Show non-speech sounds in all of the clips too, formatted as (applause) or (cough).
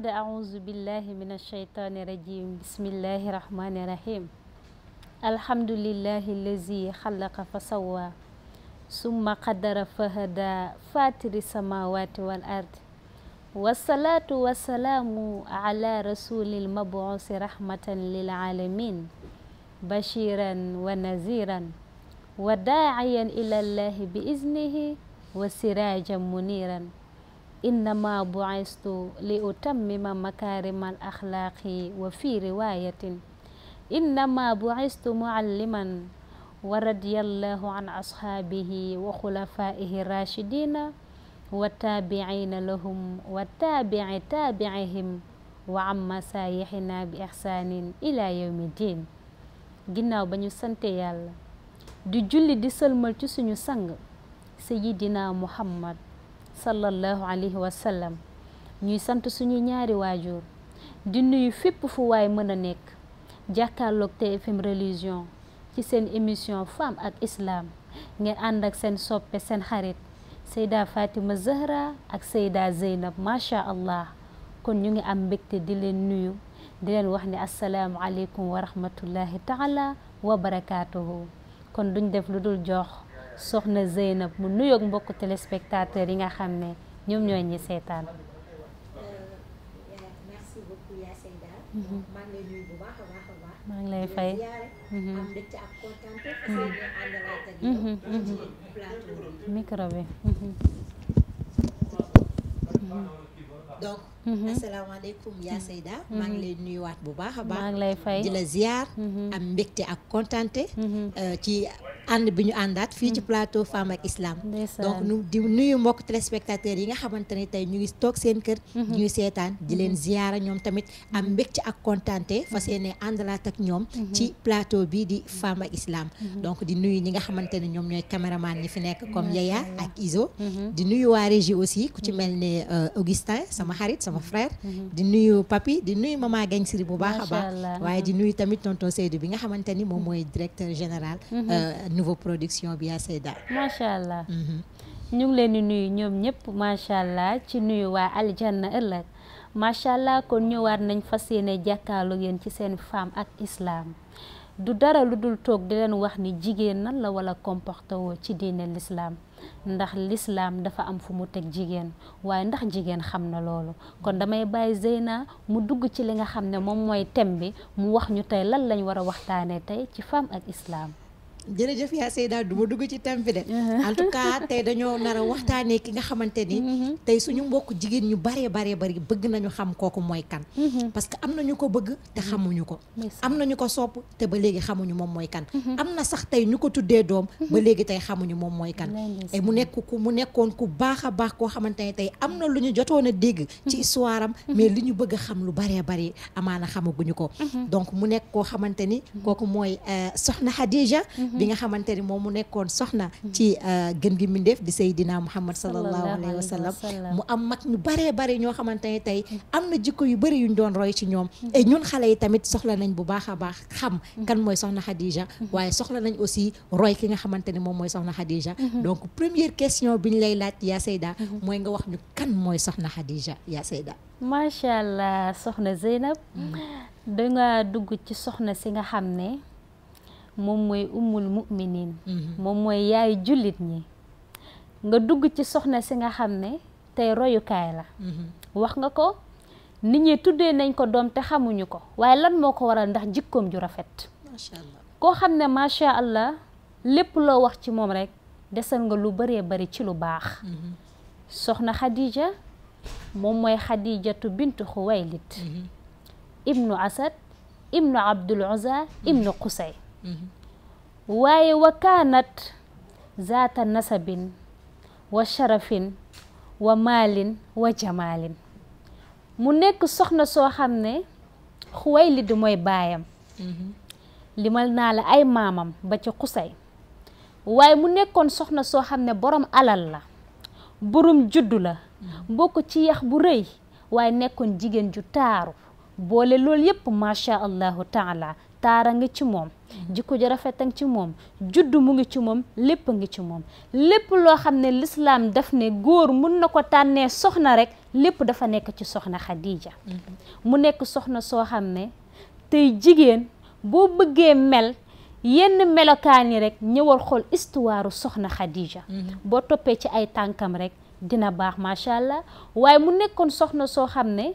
بعد أعوذ بالله من الشيطان الرجيم بسم الله الرحمن الرحيم الحمد لله الذي خلق فسوى ثم قدر فهدى فاتر السماوات والأرض والصلاة والسلام على رسول المبعوث رحمة للعالمين بشيرا ونذيرا وداعيا إلى الله بإذنه وسراجا منيرا innama bu'istu li utammima makaarimal axlaaqi wa fi riwayatin innama bu'istu mualliman wa radiyallahu an yàlla suñu sang muhammad sallallahu alayhi wa sallam ñuy sant suñu ñaari waajur di nuyu fépp fu waay mën a nekk jàkkaarloog TFM religion ci seen émission femme ak islaam ngeen ànd seen soppe seen xarit Seyda Fatima Zahra ak Seyda Zeynab macha allah kon ñu ngi am mbégte di leen nuyu di leen wax ne asalaamualeykum wa rahmatullahi taala wa barakaatuhu kon duñ def lu dul jox. soxna Zeynab mu nuyoog mbokku téléspectateurs yi nga xam ne ñoom ñooy ñi seetaan. Euh, euh, merci mhm. ngi lay fay mhm. am Mm-hmm. asalaamaaleykum yaa mm-hmm. Seyda mm-hmm. maa leen nuyuwaat bu baax a baax maa ngi lay fay di la ziar am mbégte ak kontante euh, ci ànd bi ñu àndaat fii ci plateau femme ak islam donc di nuyu mbokk téléspectateurs yi nga xamante ne tey ñu ngi toog seen kër ñuy seetaan di leen ziara ñoom tamit am mbégte ak kontante fas yéene àndalaat ak ñoom ci plateau di femme islam donc di nuyu ñi nga xamante ne ñoom ñooy caméraman ñi fi nekk comme Yaya ak Izo di nuyu waa aussi ku ci mel ne euh, Augustin sama xarit sama frère. Mhm. di nuyu papi di nuyu maman Gagne Siri bu baax a baax. waaye di mhm. nuyu tamit tonton Seydou bi nga xamante ni moom mhm. mooy directeur général. Euh, nouveau production bi à Seyda. macha allah. ñu ngi leen di nuyu ñoom ñëpp macha allah ci nuyu waa aljanna ëllëg macha allah kon ñëwaat nañ fas yéene jàkkaarloo yéen ci seen femme ak islaam du dara lu dul toog di leen wax ni jigéen nan la wala comporté woo ci diine lislaam ndax lislaam dafa am fu mu teg jigéen waaye ndax jigéen xam na loolu kon damay bàyyi Zeyna mu dugg ci li nga xam ne moom mooy thème bi mu wax ñu tey lan lañ war a waxtaanee tey ci femme ak islaam jërëjëf yaa Seyda du ma dugg ci thème bi de (laughs) en tey dañoo nar waxtaanee ki nga xamante ni mm-hmm. tey suñu mbokk jigéen ñu baree baree bari bëgg nañu xam kooku mooy kan mm-hmm. parce que am nañu ko bëgg te xamuñu ko am nañu ko sopp te ba léegi xamuñu moom mooy kan mm-hmm. am na sax tey ñu ko tuddee doom ba léegi tey xamuñu moom mooy kan et mu nekk ku mu nekkoon ku baax a baax koo xamante ne tey am na lu ñu jotoon a dégg ci histoire am mais li ñu bëgg xam lu baree bari amaana xamaguñu ko donc mu nekk koo xamante ni kooku mooy euh, soxna Xadija bi nga xamante ni moom mu nekkoon soxna ci euh, gën gi mbindeef di Seydina Muhammad sallallahu alayhi wa sallam mu am mag ñu baree bare ñoo xamante ne tey am na jikko yu yu ñu doon roy ci ñoom mm-hmm. et ñun xale yi tamit soxla nañ bu baax a baax xam mm-hmm. kan mooy soxna Khadija mm-hmm. waaye soxla nañ aussi roy ki nga xamante ne moom mooy soxna Khadija donc première question bi ñu lay laaj yaa Seyda mooy nga wax ñu kan mooy soxna Khadija yaa Seyda macha allah soxna Zeynab da nga dugg ci soxna si nga xam ne moom mooy ummul muminin mhm. moom mooy yaay jullit ñi nga dugg ci soxna si nga xam ne tey royukaay la mhm. wax nga ko nit ñi tuddee nañ ko doom te xamuñu ko waaye lan moo ko waral ndax jikkoom ju rafet macha koo xam ne macha allah lépp loo wax ci moom rek desal nga lu bëree bari ci lu baax mhm. soxna xadija moom mooy xadijatu bintu xuwaylit ibnu asad ibnu abdul uzza ibnu qusay Mm-hmm. waaye wakaanat kaanat zaata nasabin wa sharafin wa maalin wa jamaalin mu nekk soxna soo xam ne Xuwaylid mooy baayam mm-hmm. limal naa la ay maamam ba ci xusay waaye mu nekkoon soxna soo xam ne boroom alal la borom juddu la mm-hmm. bokk ci yax bu rëy waaye nekkoon jigéen ju taaru boole loolu yépp macha allahu taala taara nga ci moom jikko ji rafetam ci moom juddu mu ngi ci moom lépp a ngi ci moom lépp loo xam ne lislaam daf ne góor mun na ko tànnee soxna rek lépp dafa nekk ci soxna Xadija mm-hmm. mu nekk soxna soo xam ne tey jigéen boo bëggee mel yenn melokaan yi rek ñëwal xool istuwaaru soxna Xadija mm-hmm. boo toppee ci ay tànkam rek dina baax macha allah waaye mu nekkoon soxna soo xam ne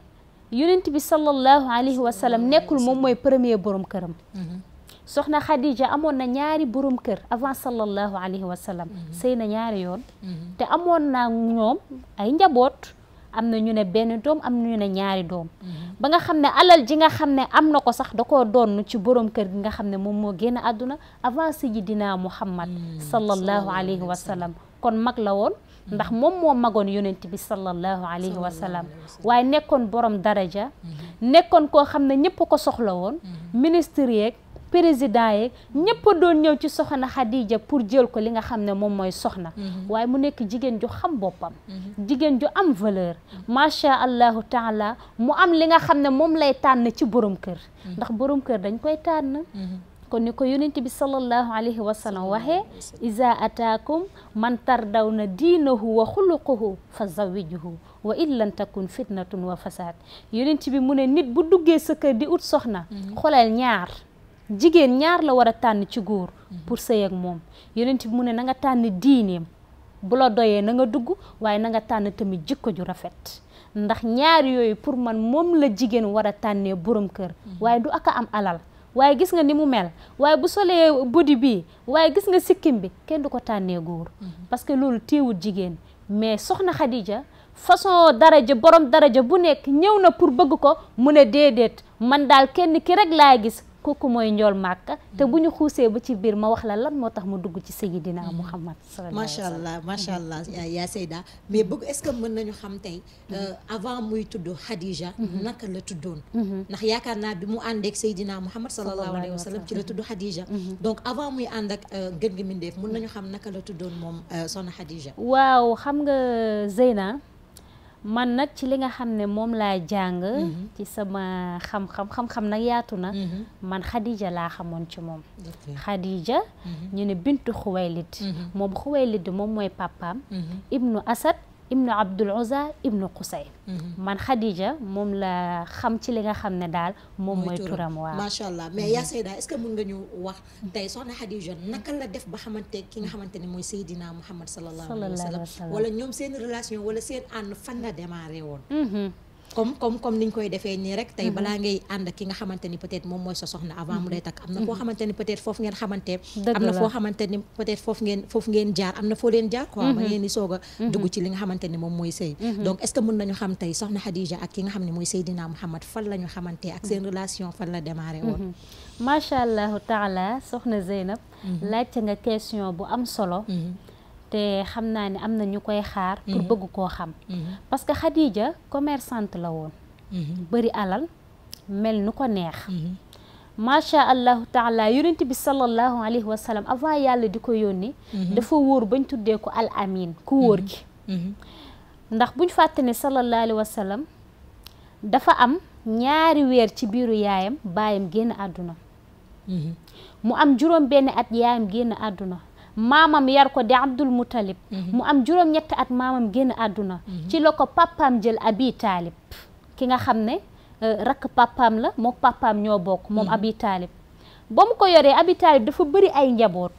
yonent bi sallallahu alayhi wa sallam nekkul moom mooy premier borom këram mm-hmm. soxna Khadija amoon na ñaari borom kër avant sallallahu alayhi wa sallam mhm. sëy na ñaari yoon mhm. te amoon na ñoom ay njaboot am na ñu ne benn doom am na ñu ne ñaari doom mhm. ba nga xam ne alal ji nga xam ne am na ko sax da koo doon ci borom kër gi nga xam ne moom moo génn àdduna avant sayyidina Muhammad mm. sallallahu alayhi wa sallam kon mag la woon mm. ndax moom moo magoon yonent bi sallallahu alayhi wa sallam waaye nekkoon borom daraja mm-hmm. nekkoon koo xam ne ñëpp ko soxla woon mm-hmm. ministre yeeg président yeeg ñëpp doon ñëw ci soxna Khadija pour jël ko li nga xam ne moom mooy soxna mhm. waaye mu nekk jigéen ju xam boppam mhm. jigéen ju am valeur mhm. macha allahu taala mu am li nga xam ne moom lay tànn ci borom kër ndax borom kër dañ koy tànn kon ni ko yonent bi sallallahu alayhi wa sallam waxee iza ataakum man tardaw na diinahu wa xuluquhu fa zawijuhu wa illan takun fitnatun wa fasaad yonent bi mu ne nit bu duggee sa kër di ut soxna xoolal ñaar jigéen ñaar la war a tànn ci góor pour sëy ak moom yonent bi mu ne na nga tànn diineem bu la doyee na nga dugg waaye na nga tànn tamit jikko ju rafet ndax ñaar yooyu pour man moom la jigéen war a tànnee borom kër mm-hmm. waaye du aka am alal waaye gis nga ni mu mel waaye bu solee body bi waaye gis nga sikkim bi kenn du ko tànnee góor mm-hmm. parce que loolu téewul jigéen mais soxna Khadija façon daraja borom daraja bu nekk ñëw na pour bëgg ko mu ne déedéet man daal kenn ki rek laa gis kooku mooy njool màkka te mm. bu ñu xuusee ba ci biir ma wax la lan moo tax mu dugg ci Seydina mm. Muhammad macha allah macha mm-hmm. allah yaa Seyda mais bëgg est-ce que na nañu xam tey euh, mm-hmm. avant muy tudd Khadija mm-hmm. naka la tuddoon ndax yaakaar naa bi mu ànd ak Seydina Muhammad sallallahu alayhi wa sallam ci la tudd Khadija donc avant muy ànd ak euh, gën gi mindeef mën nañu xam naka la tuddoon moom euh, soxna Khadija waaw xam nga Zeyna man nag ci li nga xam ne moom laay jàng mm-hmm. ci sama xam-xam xam-xam nag yaatu na mm-hmm. man Khadija laa xamoon ci moom Khadija mm-hmm. ñu ne bintu Xuwaylid moom Xuwaylid moom mooy papaam ibnu Asad ibnu abdul uza ibnu qusay mhm. man Khadija moom la xam ci li nga xam ne daal moom mooy turam waaw macha allah mais mhm. yaa Seyda est ce que mën nga ñu wax tey soxna Khadija naka la def ba xamante ki nga xamante ne mooy Seydina Muhammad sallallahu alayhi wa sallam wala ñoom seen relation wala seen ànd fan la démarré woon mhm. comme comme comme niñ koy defee nii rek tey mhm. balaa ngay ànd ki nga xamante ni peut-être moom mooy sa soxna avant mu mhm. lay takk am na foo mhm. xamante ni peut-être foofu ngeen xamante am na foo xamante ni peut-être foofu ngeen foofu ngeen jaar am na foo leen jaar quoi ba ngeen di soog a dugg ci li nga xamante ni moom mooy sëy donc est que mën nañu xam tey soxna Khadija ak ki nga xam ne mooy Seydina Mouhamad fan la ñu xamante ak seen relation fan la démarré woon macha allahu taala soxna Zeynab laajte nga question bu am solo te xam naa ne am na ñu koy xaar pour mhm. bëgg koo xam mhm. parce que Khadija commerçante la woon mhm. bari alal mel nu ko neex macha allahu taala yonent bi sallallahu alayhi wa avant yàlla di ko yónni dafa wóor bañ tuddee ko al amin ku wóor gi ndax buñ fàtte ne sallallahu alayhi dafa am ñaari weer ci biiru yaayam baayam génn àdduna mu am juróom benn at yaayam génn àdduna maamam yar ko di Abdul Muttalib mhm. mu am juróom-ñetti at maamam génn àdduna mhm. ci la ko papaam jël Abi Taalib ki nga xam ne euh, rakk papaam la mook papaam ñoo bokk moom mhm. Abi Taalib ba mu ko yoree Abi Taalib dafa bëri ay njaboot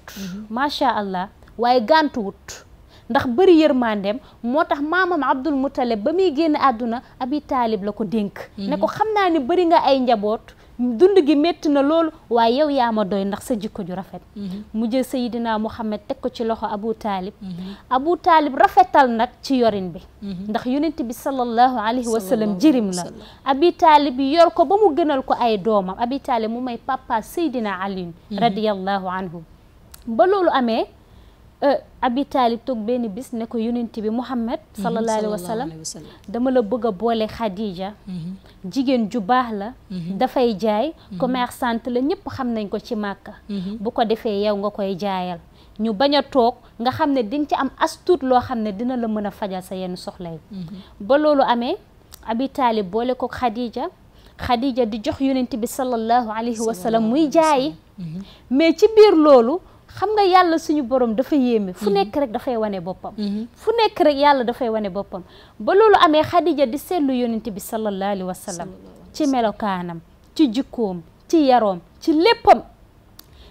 macha allah waaye gàntuwut ndax bëri yërmandeem moo tax maamam Abdul Muttalib ba muy génn àdduna Abi Taalib la ko dénk ne ko xam naa ni bari nga ay njaboot dund gi métti na loolu waaye yow yaa doy ndax sa jikko ju rafet mhm. mu jël Seydina Muhammad teg ko ci loxo Abu Taalib mhm. Abu Taalib rafetal nag ci yorin bi mhm. ndax yonent bi sallallahu alayhi wa sallam jirim la Abi Taalib yor ko ba mu gënal ko ay doomam Abi Taalib mu may papa Seydina Ali radiyallahu anhu ba loolu amee Euh, Abi toog benn bis nekko ko yonent bi Muhammad mhm, sallallahu alayhi wa sallam dama la bëgg a boole Khadija mhm. jigéen ju baax la mhm. dafay jaay sant la ñëpp xam nañ ko ci Màkka bu ko defee yow nga koy jaayal ñu bañ a toog nga xam ne di ci am astuut loo xam ne dina la mën a fajal sa yenn soxla yi ba loolu amee Abi boole ko Khadija xadiija di jox yonent bi sallallahu alayhi wa muy jaayi mais ci biir loolu xam nga yàlla suñu borom dafa yéeme fu mhm. nekk rek dafay wane boppam mhm. fu nekk rek yàlla dafay wane boppam ba loolu amee xadija di seetlu yonent bi sallallahu alayhi wa sallam ci melokaanam ci jikkoom ci yaroom ci léppam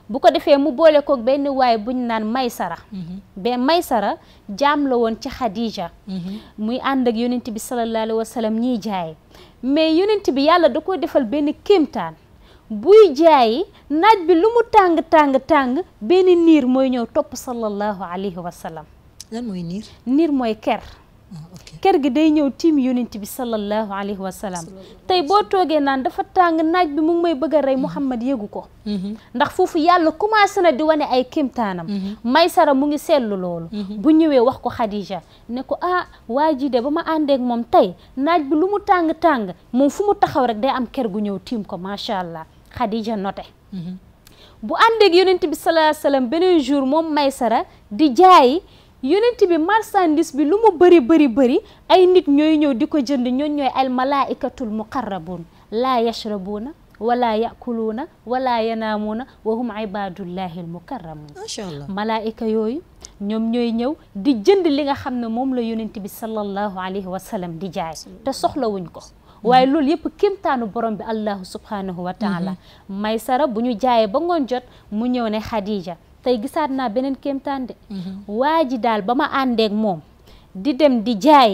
bu ko defee mu boole koog benn waay buñ naan maysara mhm. ba maysara jaam la woon ci xadija muy ànd ak yonent bi sallallahu alayhi wa sallam ñiy jaay mais bi yàlla da ko defal benn kéemtaan buy jaayi naaj bi lu mu tàng tàng tàng benn niir mooy ñëw topp sallallahu alayhi wa sallam. lan mooy niir. niir mooy ker. Ah, ker gi day ñëw tiim yonent bi sallallahu alayhi wa sallam tey boo toogee naan dafa tàng naaj bi mu ngi may bëgg a rey mhm. Muhammad yëgu ko mhm. ndax foofu yàlla commencé na di wane ay kéemtaanam mhm. sara mu ngi seetlu loolu bu ñëwee wax ko Khadija ne ko ah waa ji de ba ma àndeek moom tey naaj bi lu mu tàng-tàng moom fu mu taxaw rek day am ker gu ñëw tiim ko macha allah Khadija noté mhm. bu àndeeg yonent bi salaa salaam beneen jour moom Maysara di jaay yonent bi marchandise bi lu mu bëri bëri bëri ay nit ñooy ñëw di ko jënd ñoon ñooy al malaikatul muqarrabuun laa yashrabuuna wala yakuluuna wala yanaamuuna wa hum ibadullahi al mukarramuun yooyu ñoom ñooy ñëw di jënd li nga xam ne moom la yonent bi sallallahu alayhi wa sallam di jaay te soxlawuñ ko waaye loolu yëpp kéemtaanu borom bi allahu subhanahu wa taala mhm. maysara bu ñu jaayee ba ngoon jot mu ñëw ne xadija tey gisaat naa beneen kéemtaan de mhm. waa ji daal ba ma àndeek moom di dem di jaay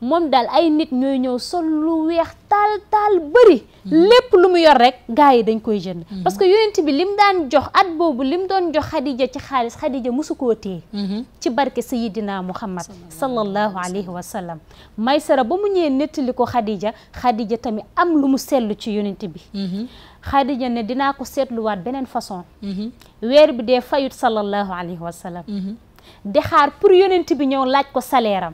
moom daal ay nit ñooy ñëw sol lu weex taal taal bëri lépp lu mu yor rek gars yi dañ koy jënd mhm. parce que yonent bi lim daan jox at boobu lim doon jox xadija ci xaalis xadija musu koo téye mhm. ci barke sayidina muhammad sallallahu alayhi wa sallam maysara ba mu ñëwee nettali ko xadija xadija tamit am lu mu seetlu ci yonent bi mhm. xadija ne dinaa ko seetluwaat beneen façon weer bi dee fayut sallallahu alayhi wa sallam di xaar pour yonent bi ñëw laaj ko salaire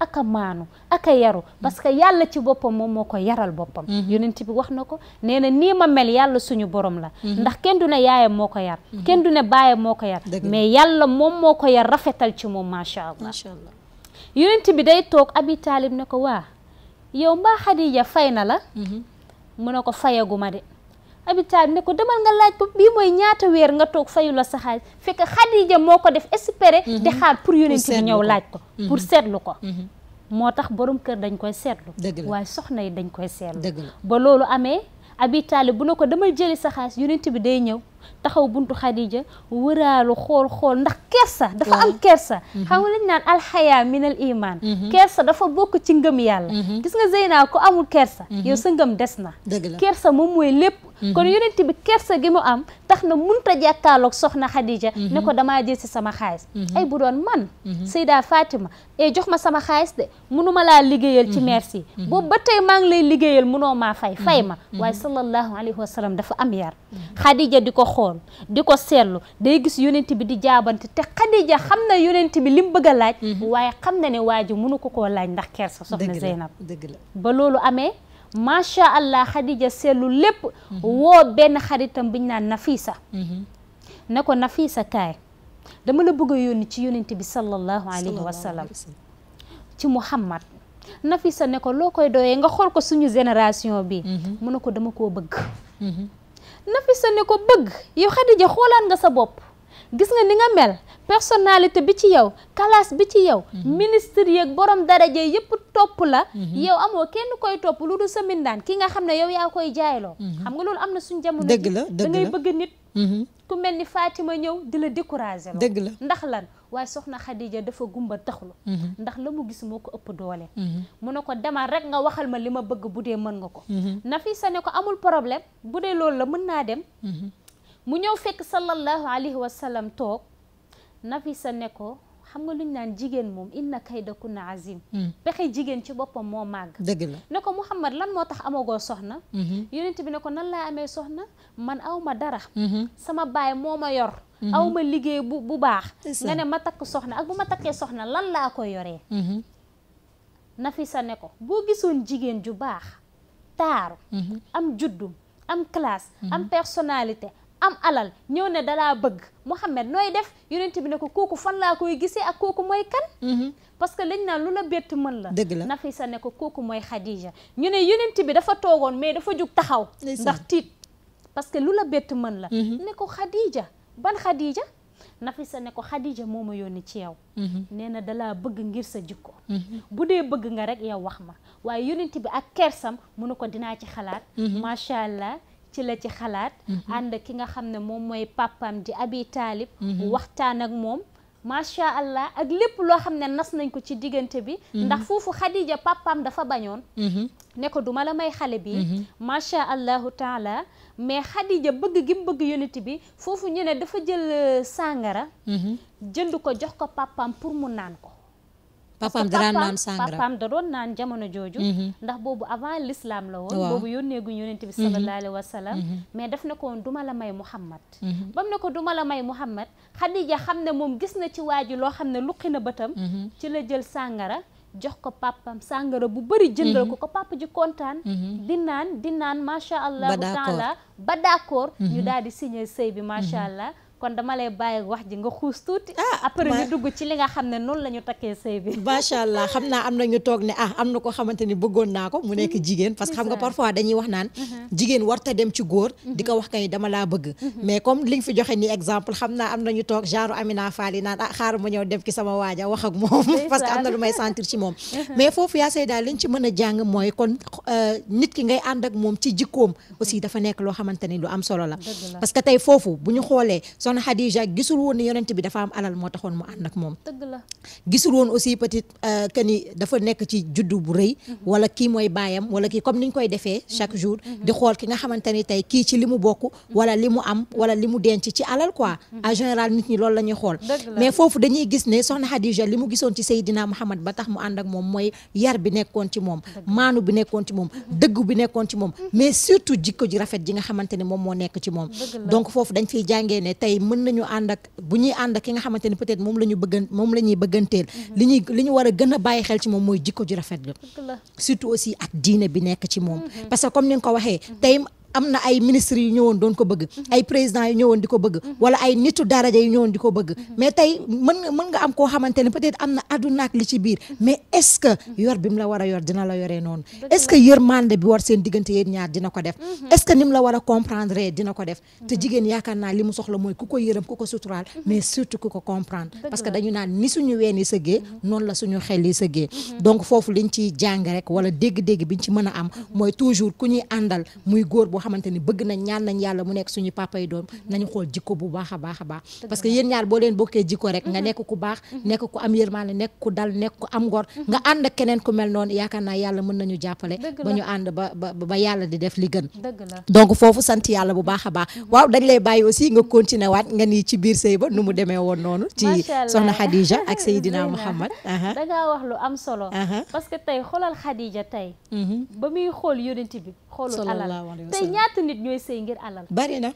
ak a maanu ak a yaru parce que yàlla ci boppam moom moo ko yaral boppam mm-hmm. yonent bi wax na ko nee na nii ma mel yàlla suñu borom la mm-hmm. ndax kenn du ne yaayam moo ko yar mm-hmm. kenn du ne baayam moo ko yar mais yàlla moom moo ko yar rafetal ci moom macha allah yonent bi day toog abi taalib ne ko waa yow mbaa Xadija fay na la mu ne ko fayaguma de Habib bi ne ko demal nga laaj ko bii mooy ñaata weer nga toog fayu la sa xaalis fekk Xadija moo ko def espérer di mhm. xaar pour yonent bi ñëw laaj ko mhm. pour seetlu ko mhm. moo tax borom kër dañ koy seetlu waaye soxna yi dañ koy seetlu ba loolu amee Abi Taalib bu ne ko demal jëli sa xaalis yonent bi day ñëw taxaw buntu Khadija wëraalu xool xool ndax kersa dafa am kersa mhm. xam nga lañ naan alxaya minal iman mhm. kersa dafa bokk ci ngëm yàlla mhm. gis nga Zeyna ko amul kersa yow sa ngëm des na kersa moom mooy lépp kon yonent bi kersa gi mu am tax na munta jàkkaarloog soxna Khadija ne ko damaa jël si sama xaalis ay bu doon man Seyda Fatima e jox ma sama xaalis de munuma laa liggéeyal ci merci boobu ba tey maa ngi lay liggéeyal munoo maa fay fay ma waaye sallallahu alayhi wa dafa am yar xool di ko seetlu day gis yonent bi di jaabante te Xadija xam na yonent bi li mu bëgg a laaj mhm. waaye xam na ne waaju ji mënu ko koo laaj ndax kersa soxna Zeynab dëgg la ba loolu amee macha allah Xadija seetlu lépp mhm. woo benn xaritam biñ naan Nafisa mhm. ne ko Nafisa kaay dama la bëgg a ci yonent bi sallallahu alayhi wa sallam ci Muhammad Nafisa ne ko loo koy doyee nga xool ko suñu génération bi mu ne ko dama koo bëgg Nafisa ne ko bëgg yow ja xoolaan nga sa bopp gis nga ni nga mel personnalité bi ci yow classe bi ci yow mhm. ministre yeeg borom daraja yëpp topp la mhm. yow amoo kenn koy topp lu dul sa mindaan ki nga xam ne yow yaa koy jaayloo mhm. xam nga loolu am na suñ jamono dëgg la da bëgg nit ku mel ni Fatima ñëw di la décourager dëgg la ndax lan waaye soxna Khadija dafa gumba taxlu mhm. ndax la mu gis moo ko ëpp doole mhm. mu ne ko demal rek nga waxal ma li ma bëgg bu dee mën nga ko mhm. Nafisa ne ko amul problème bu dee loolu la mën naa dem mu ñëw fekk sallallahu alayhi wa sallam toog Nafisa ne ko xam nga lu ñu naan jigéen moom inna kayda kunna azim pexe jigéen ci boppam moo màgg dëgg la ne ko Muhammad lan moo tax amagoo soxna yonent bi ne ko nan laa amee soxna man awma dara sama baay moo ma yor Mm-hmm. aw ma liggéey bu bu baax nga ne ma takk soxna ak bu ma takkee soxna lan laa ko yoree mm-hmm. Nafisa ne ko boo gisoon jigéen ju baax taaru mm-hmm. am juddu am classe am personnalité am alal ñëw ne dalaa bëgg Mouhamed nooy def yonent bi ne ko kooku fan laa koy gisee ak kooku mooy kan parce que lañ naan lu la bett mën la dëgg la Nafisa ne ko kooku mooy Khadija ñu ne yonent bi dafa toogoon mais dafa jug taxaw ndax tiit parce que lu la bett mën la ne ko Khadija ban Khadija Nafisa ne ko Khadija moo ma yónni ci yow. Mhm. nee na dalaa bëgg ngir sa jikko. Mhm. bu dee bëgg nga rek yow wax ma waaye yonent bi ak kersam mu ne ko dinaa ci xalaat. Mhm. macha allah ci la ci xalaat. ànd ki nga xam ne moom mooy papaam di Abi Taalib. waxtaan ak moom. macha allah ak lépp loo xam ne nas nañ ko ci diggante bi. Mhm. ndax foofu Khadija papaam dafa bañoon. Mhm. ne ko duma la may xale bi. Mhm. macha allahu taala mais Khadija bëgg gi bëgg yonent bi foofu ñu ne dafa jël euh, sàngara. jënd ko jox ko papaam pour mu naan ko. papaam daraan naan sangara papaam da doon naan jamono jooju mm-hmm. ndax boobu avant lislaam la woon boobu yónneeguñ yonent bi mm-hmm. sallallahu alayhi wa sallam mm-hmm. mais def ne ko woon duma la may Muhammad bam ne ko duma la may Muhammad Khadija xam ne moom gis na ci waa loo xam ne luqi na bëtam ci la jël sàngara jox ko papam sàngara bu bëri jëndal ko ko papa ji kontaan di naan di naan macha allah taala ba d'accord ñu daal di signé sëy bi macha allah kon dama lay bàyyi wax ji nga xuus tuuti. ah après ñu dugg ci li nga xam ne noonu la ñu takkee sëy bi. macha allah xam naa am na ñu toog ne ah am na koo xamante ni bëggoon naa ko mu nekk mhm. jigéen. parce que xam nga parfois dañuy wax naan. Mhm. jigéen warta dem ci góor. Mhm. di ko wax kay dama laa bëgg. mais comme li nga fi joxe nii exemple xam naa am na ñu toog genre Amina Fall yi naan ah xaaral ma ñëw dem ki sama waaja wax ak moom. (laughs) parce que am na lu may sentir ci moom. mais foofu yaa say daal liñ ci a jàng mooy kon euh, nit ki ngay ànd ak moom ci jikkoom aussi dafa nekk loo xamante ni lu am solo la parce que soxna Xadija gisul woon ne yonent bi dafa la gisul woon aussi peut-être euh, que ni dafa nekk ci juddu bu rëy. Mhm. wala kii mooy baayam wala kii comme ni ñu koy defee mhm. chaque jour. Mhm. xool ki nga xamante ni tey kii ci li mu bokk. wala li mu am wala li mu denc ci alal quoi. en général nit ñi loolu la ñuy xool. mais foofu dañuy gis ne soxna Xadija li mu gisoon ci Seydina Muhammad ba tax mu ànd ak moom mooy yar bi nekkoon ci moom. maanu bi nekkoon ci moom dëgg bi nekkoon ci moom mais surtout jikko ji rafet ji nga xamante ne moom moo nekk ci moom. donc foofu dañ fiy jàngee ne tey mën nañu ànd bu ñuy ànd ak ki nga xamante ni peut-être moom la ñu bëggan moom la ñuy bëgganteel mm-hmm. li ñuy li ñu war a gën a bàyyi xel ci moom mooy jikko ju rafet ga surtout aussi ak diine bi nekk ci moom mm-hmm. parce que comme ni nga ko waxee mm-hmm. am na ay ministres yu ñëwoon doon ko bëgg ay présidents yu ñëwoon di ko bëgg wala ay nitu daraja yu ñëwoon di ko bëgg mais tey mën nga mën am koo xamante ne peut-être am na addunaak li ci biir mais est-ce que yor bi mu la war a yor dina la yoree noonu est-ce que yërmande bi war seen diggante yéen ñaar dina ko def mhm. est-ce que ni mu la war a comprendre dina ko def te mhm. jigéen yaakaar naa li mu soxla mooy ku ko yërëm ku ko suturaal mhm. mais surtout ku ko comprendre parce que dañu naan ni suñu ween yi sëggee noonu la suñu xel yi sëggee donc foofu liñ ci jàng wala dégg-dégg biñ ci mën a am mooy toujours ku ñuy àndal muy góor koo xamante ni mu nekk a a jàppale ba ñu ànd ba yàlla di def li gën donc foofu sant yàlla bu baax a baax mhm. waaw dañ lay bàyyi aussi nga continuer nga ni ci biir sëy ba nu mu demee woon noonu ci soxna Khadija ak (laughs) Seydina Muhammad da wax lu am solo parce tey xoolal Khadija tey mhm. ba muy xool yonent bi xoolul alal tey ñaata nit ñooy sëy ngir alal. bari na.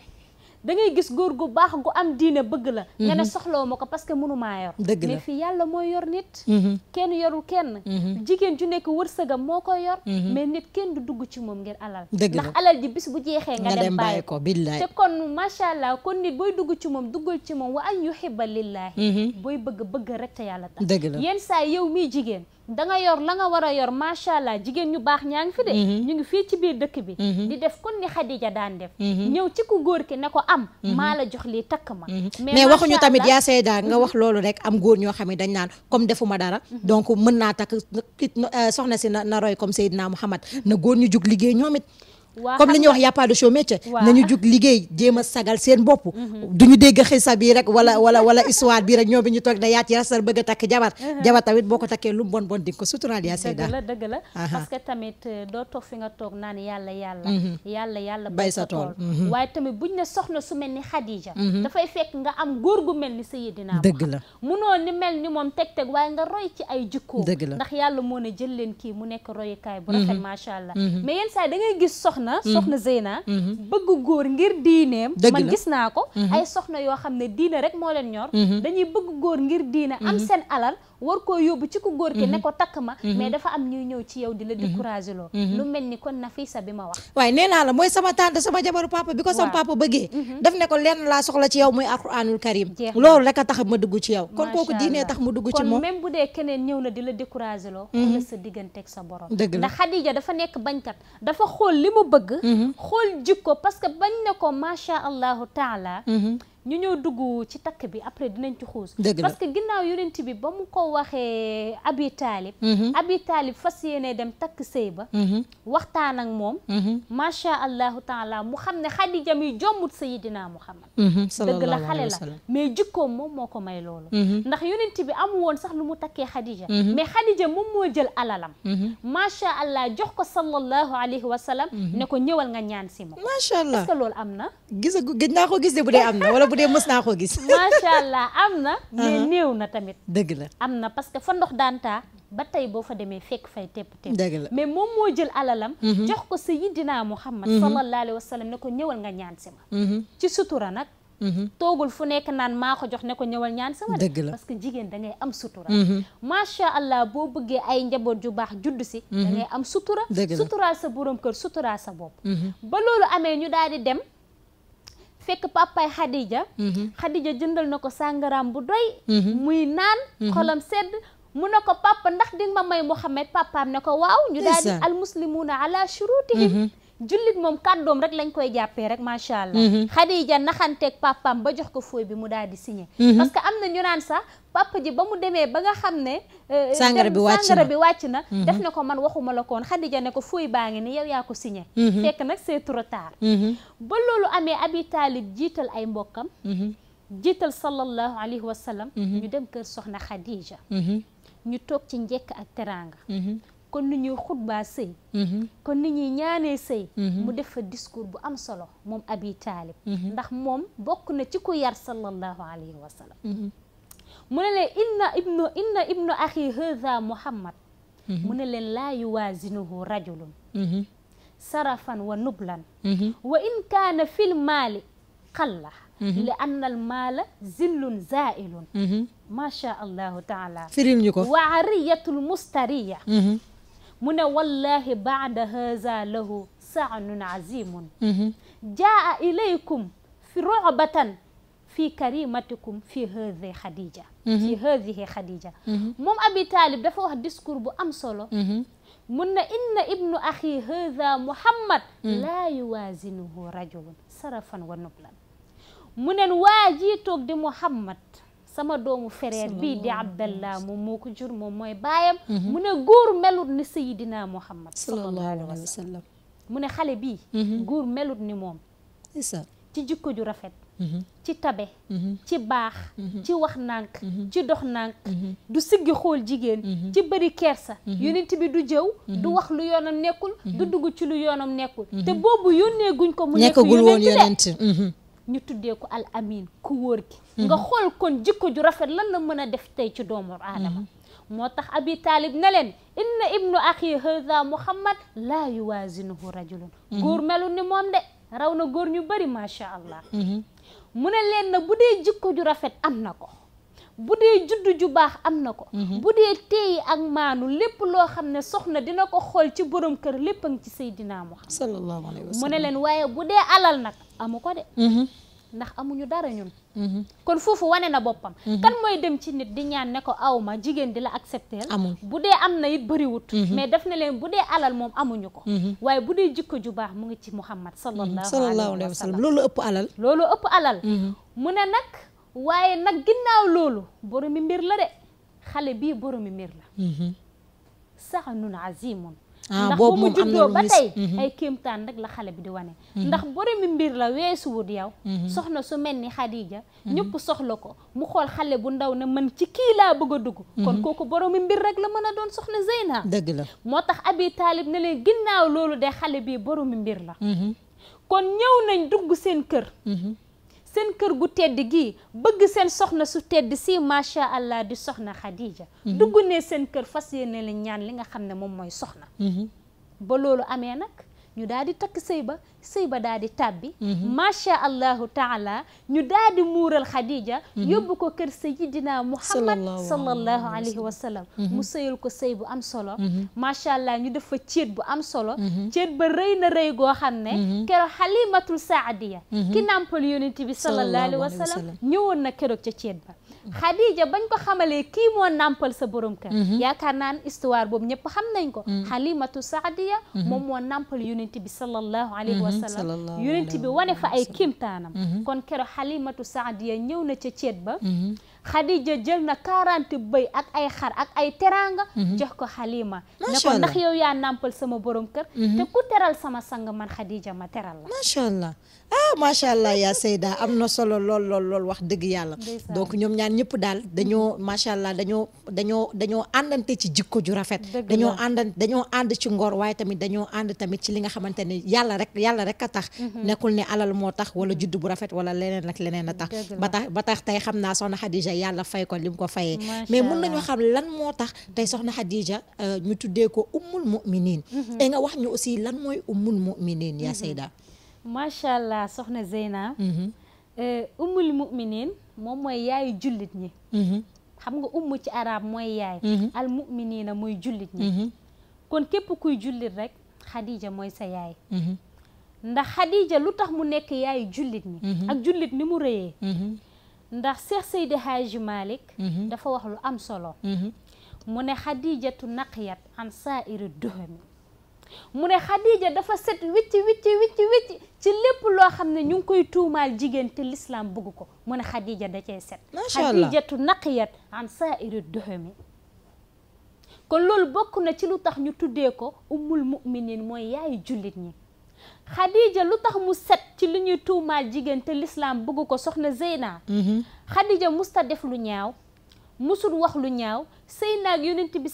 da ngay gis góor gu baax gu am diine bëgg la. Mhm. nga ne ma ko parce que mënumaa yor. dëgg mais fii yàlla mooy yor nit. Mhm. kenn yoru kenn. Mhm. jigéen ju nekk wërsëgam moo koy yor. mais nit kenn du dugg ci moom ngir alal. dëgg la ndax alal ji bis bu jeexee. nga dem bàyyi ko billaay te kon macha allah kon nit booy dugg ci moom duggal ci moom wa an yuhibba lillaahi. booy bëgg bëgg rek te yàlla tax. dëgg la yenn saa yow miy jigéen. danga yor la nga war a yor macha allah jigéen ñu baax ñaa ngi fi de. Mhm. ñu ngi fii ci biir dëkk bi. Mhm. di def kon ni Khadija daan def. Mhm. ñëw ci ku góor ki ne ko am. maa la jox lii takk ma. mais waxuñu tamit yaa seeda nga wax loolu rek am góor ñoo xam ne dañ naan comme defuma dara. donc mën naa takk soxna si na roy comme Seydina Muhammad na góor ñu jug liggéey ñoom it comme li ñuy wax y a pas de chômage nañu jug liggéey jéem a sagal seen bopp mhm. duñu dégg xisa bi rek wala wala wala (laughs) histoire bi rek ñoo bi ñu toog na yaa ci rasal bëgg a takk jabar mhm. jabar tamit boo ko takkee lu mu bon bon di ko suturaal yaa la dëgg la parce que tamit euh, doo toog fi nga toog naan yàlla yàlla mhm. yàlla sa tool waaye tamit buñ ne soxna su dafay fekk nga am góor gu mel ni Seydina dëgg la munoo ni mel ni moom teg teg nga roy ci ay jikko dëgg la ndax yàlla moo ne jël leen kii mu nekk royukaay bu rafet macha allah mais yenn saa da ngay gis soxna soxna mhm. soxna Zeyna mhm. bëgg góor ngir diineem man gis naa ko mhm. ay soxna yoo xam ne diine rek moo leen ñor dañuy bëgg góor ngir diine am seen alal war koo yóbbu ci ku góor ki ne mhm. ko takk ma mhm. mais dafa am ñuy ñëw ci yow di la mhm. découragé loo lu mel ni kon Nafisa bi ma wax waaye nee naa la mooy sama tante sama jabaru papa bi ko sama papa bëggee daf ne lenn laa soxla ci yow muy alquranul karim loolu rek tax ma dugg ci yow kon kooku diinee tax mu dugg ci moom kon dee keneen ñëw na di la découragé loo ku la sa digganteeg sa borom dëgg la ndax Xadija dafa nekk bañkat dafa xool li mu bëgg xool jikko parce que bañ ne ko macha allahu taala ñu ñëw dugg ci takk bi après dinañ ci xuus parce que ginnaaw yonent bi ba mu ko waxee abi taalib mhm. abi taalib fas yéene dem takk sëy ba mhm. waxtaan ak moom mhm. macha allahu taala mu xam ne xadija mi jommut sayidina muhammad dëgg la xale la mais jikkoom moom moo ko may loolu ndax yonent bi amu woon sax lu mu takkee xadija mais xadija moom moo jël alalam macha allah jox ko sallallahu alayhi wa sallam ne ko ñëwal nga ñaan si ma macha allah na gis naa ko gis de bu dee am na wala bu dee (laughs) am na. mais ah. néew na tamit. dëgg la am na parce que fa ndox ba tey boo fa demee fekk fay tepp tepp. dëgg la mais moo jël alalam. Mhm. jox ko Sayyidina Muhammad. Mhm. sallallahu alayhi wa sallam ne ko ñëwal nga ñaan si ma. Mhm. ci sutura nag. toogul fu nekk naan maa ko jox ne ko ñëwal ñaan sama dëgg la parce que jigéen da am sutura macha allah boo bëggee ay njaboot ju baax judd si da am sutura suturaal sa borom kër suturaal sa bopp ba loolu amee ñu daal di dem fekk papaay Khadija. Mhm. Khadija jëndal na ko sàngaraam bu doy. Mhm. muy naan. Mhm. xolam sedd mu ne ko papa ndax di ma may Mouhamed papaam ne ko waaw. ñu daal di almuslimuuna ala shurutihim jullit moom kàddoom rek lañ koy jàppee rek macha allah. Mhm. Khadija naxanteeg papaam ba jox ko fooy bi mu daal di signé. Mhm. parce que am na ñu naan sax papa ji ba mu demee ba nga xam ne. Euh, sàngara bi wàcc na bi wàcc na. Mhm. def ne ko man waxuma la koon Khadija ne ko fooy baa ngi ni yow yaa ko signé. fekk nag c'est trop tard. ba loolu amee Abi Talib jiital ay mbokkam. jiital sallallahu alayhi wa sallam. ñu dem kër Soxna Khadija. ñu toog ci njekk ak teraanga. kon ni ñuy xutbaa sëy mm-hmm. kon ni ñuy ñaanee sëy mm-hmm. mu def fa discours bu am solo moom abi taalib mm-hmm. ndax moom bokk na ci ku yar sallallahu alayhi wa sallam mu ne leen inna ibnu inna ibnu axi hadha muhammad mu ne leen laa yuwaazinuhu rajulun sarafan wa nublan wa kaana fil maali xalla li anna al maala zillun zaa'ilun maa taala firil ñu wa ariyatul mustariya mu ne wallahi baada haza lahu saanun azimun mhm. jaa ilaykum fi roxbatan fi karimatikum fi hadihi xadija mhm. fi hadihi xadija mhm. moom abi taalib dafa wax discours bu am solo mun na inna ibnu axi haza muhammad laa yuwaazinuhu rajulun sarafan wa nublan mu neen waa jii toog di muhammad sama doomu frère bii di abdallah moom moo ko jur moom mooy baayam mhm. mu ne góor melut ni sayidina muhammad sallallahu alayhi wa sallam mu ne xale bii mhm. góor melut ni moom ci jikko ju rafet mhm. ci tabe ci baax ci wax nànk ci dox nànk du siggi xool jigéen ci bëri kersa yonent bi du jëw du wax lu yoonam nekkul du dugg ci lu yoonam nekkul te boobu yónnee guñ ko mu nekkagul woon yonent ñu tuddee ko al amin ku wóor gi mhm. nga xool kon jikko ju rafet lan la mën a def tey ci doomu aadama mhm. moo tax abi taalib ne leen inna ibnu axi hadha muhammad laa yuwaasinuhu rajulun mhm. góor melu ni moom de raw na góor ñu bari macha allah mu ne leen na bu dee jikko ju rafet am na ko bu dee juddu ju baax am na ko mhm. bu dee teeyi ak maanu lépp loo xam ne soxna dina ko xool ci borom kër lépp a ngi ci Seydina Muhammad sallallahu alayhi wa sallam mu ne leen waaye bu dee alal nag amu ko de mhm. ndax amuñu dara ñun mhm. kon foofu wane na boppam kan mooy dem ci nit di ñaan ne ko aw jigéen di la accepter amul bu dee am na it bëriwut mais daf ne leen bu dee alal moom amuñu ko waaye bu dee jikko ju baax mu ngi ci Muhammad sallallahu alayhi wa sallam loolu ëpp alal loolu ëpp alal mu ne nag waaye nag ginnaaw loolu boromi mbir la de xale bii boromi mbir la mhm. saxanun azimun ah, ndax boobu mu juddoo ba tey mhm. ay kéemtaan rek la xale bi di wane mhm. ndax boromi mbir la weesuwut yow soxna su mel ni Xadija ñëpp soxla ko mu xool xale bu ndaw na mën ci kii laa bëgg a dugg kon kooku boromi mbir rek la mën a doon soxna Zeyna dëgg la moo tax Abi Taalib ne leen ginnaaw loolu de xale bii boromi mbir la kon ñëw nañ dugg seen kër seen kër gu tedd gii bëgg seen soxna su tedd si macha allah di soxna Khadija. Mhm. dugg ne seen kër fas yéene la ñaan li nga xam ne moom mooy soxna. Mhm. ba loolu amee nag. ñu daal di takk sëy ba sëy ba daal di tàbbi mhm. macha allahu taala ñu daal di muural Khadija mhm. yóbbu ko kër sayidina Muhammad sallallahu alayhi wa sallam mhm. mu sëyal ko sëy bu am solo macha allah ñu def fa céet bu am solo céet ba rëy na rëy goo xam ne keroog xalimatul saadiya ki nàmpal yonent bi sallallahu alayhi wa sallam ñëwoon na keroog ca céet ba Khadija bañ ko xamalee kii moo nàmpal sa borom kër mhm. yaakaar naan histoire boobu ñëpp xam nañ ko Halimatu mhm. Saadiya mhm. moom moo nàmpal yonent bi sallallahu alayhi wa sallam yonent bi wane fa ay kimtaanam kon kero Halimatu Saadiya ñëw na ca ceet ba Khadija jël na 40 bëy ak ay xar ak ay teraanga mhm. jox ko Halima ne ko ndax yow yaa nàmpal sama borom kër mhm. te ku teral sama sang man Khadija ma teral la macha allah ah macha allah yaa Seyda am na solo lool lool lool wax dëgg yàlla donc ñoom ñaan ñëpp daal dañoo macha allah dañoo dañoo dañoo àndante ci jikko ju rafet dañoo àndan dañoo ànd ci ngoor waaye tamit dañoo ànd tamit ci li nga xamante ne yàlla rek yàlla rek a tax mhm. nekkul ne alal moo tax wala judd bu rafet wala leneen ak leneen a tey yàlla fay ko lim ko fayee mais mun nañu xam lan moo tax tey soxna Xadija euh, ñu tuddee ko ummul muminin mhm. et nga wax ñu aussi lan mooy ummul muminin yaa mhm. Seyda macha allah soxna Zeyna mhm. euh, ummul muminin moom mooy yaayu jullit ñi xam nga umm ci arab mooy yaay mooy jullit ñi kon képp kuy jullit rek Xadija mooy sa yaay ndax Xadija lu tax mu nekk yaayu jullit ñi ak jullit ni mu rëyee ndax Seex Seydi Haaji Malick mhm. dafa wax lu am solo mhm. mu ne Xadiijatu naqiyat an saa'iri duhami mu ne Xadiija dafa set wicc wicc wicc ci lépp loo xam ne ñu ngi koy tuumaal jigéen te lislaam bugg ko mu ne Xadiija da cee set Xadiijatu naqiyat an saa'iri duhami kon loolu bokk na ci lu tax ñu tuddee ko ummul muminin mooy yaayu jullit ñi Khadija lu tax mu set ci li ñuy tuumaal jigéen te lislaam bëgg ko soxna Zeyna mm-hmm. Khadija musta def lu ñaaw musul wax lu ñaaw sëy naag yonent bi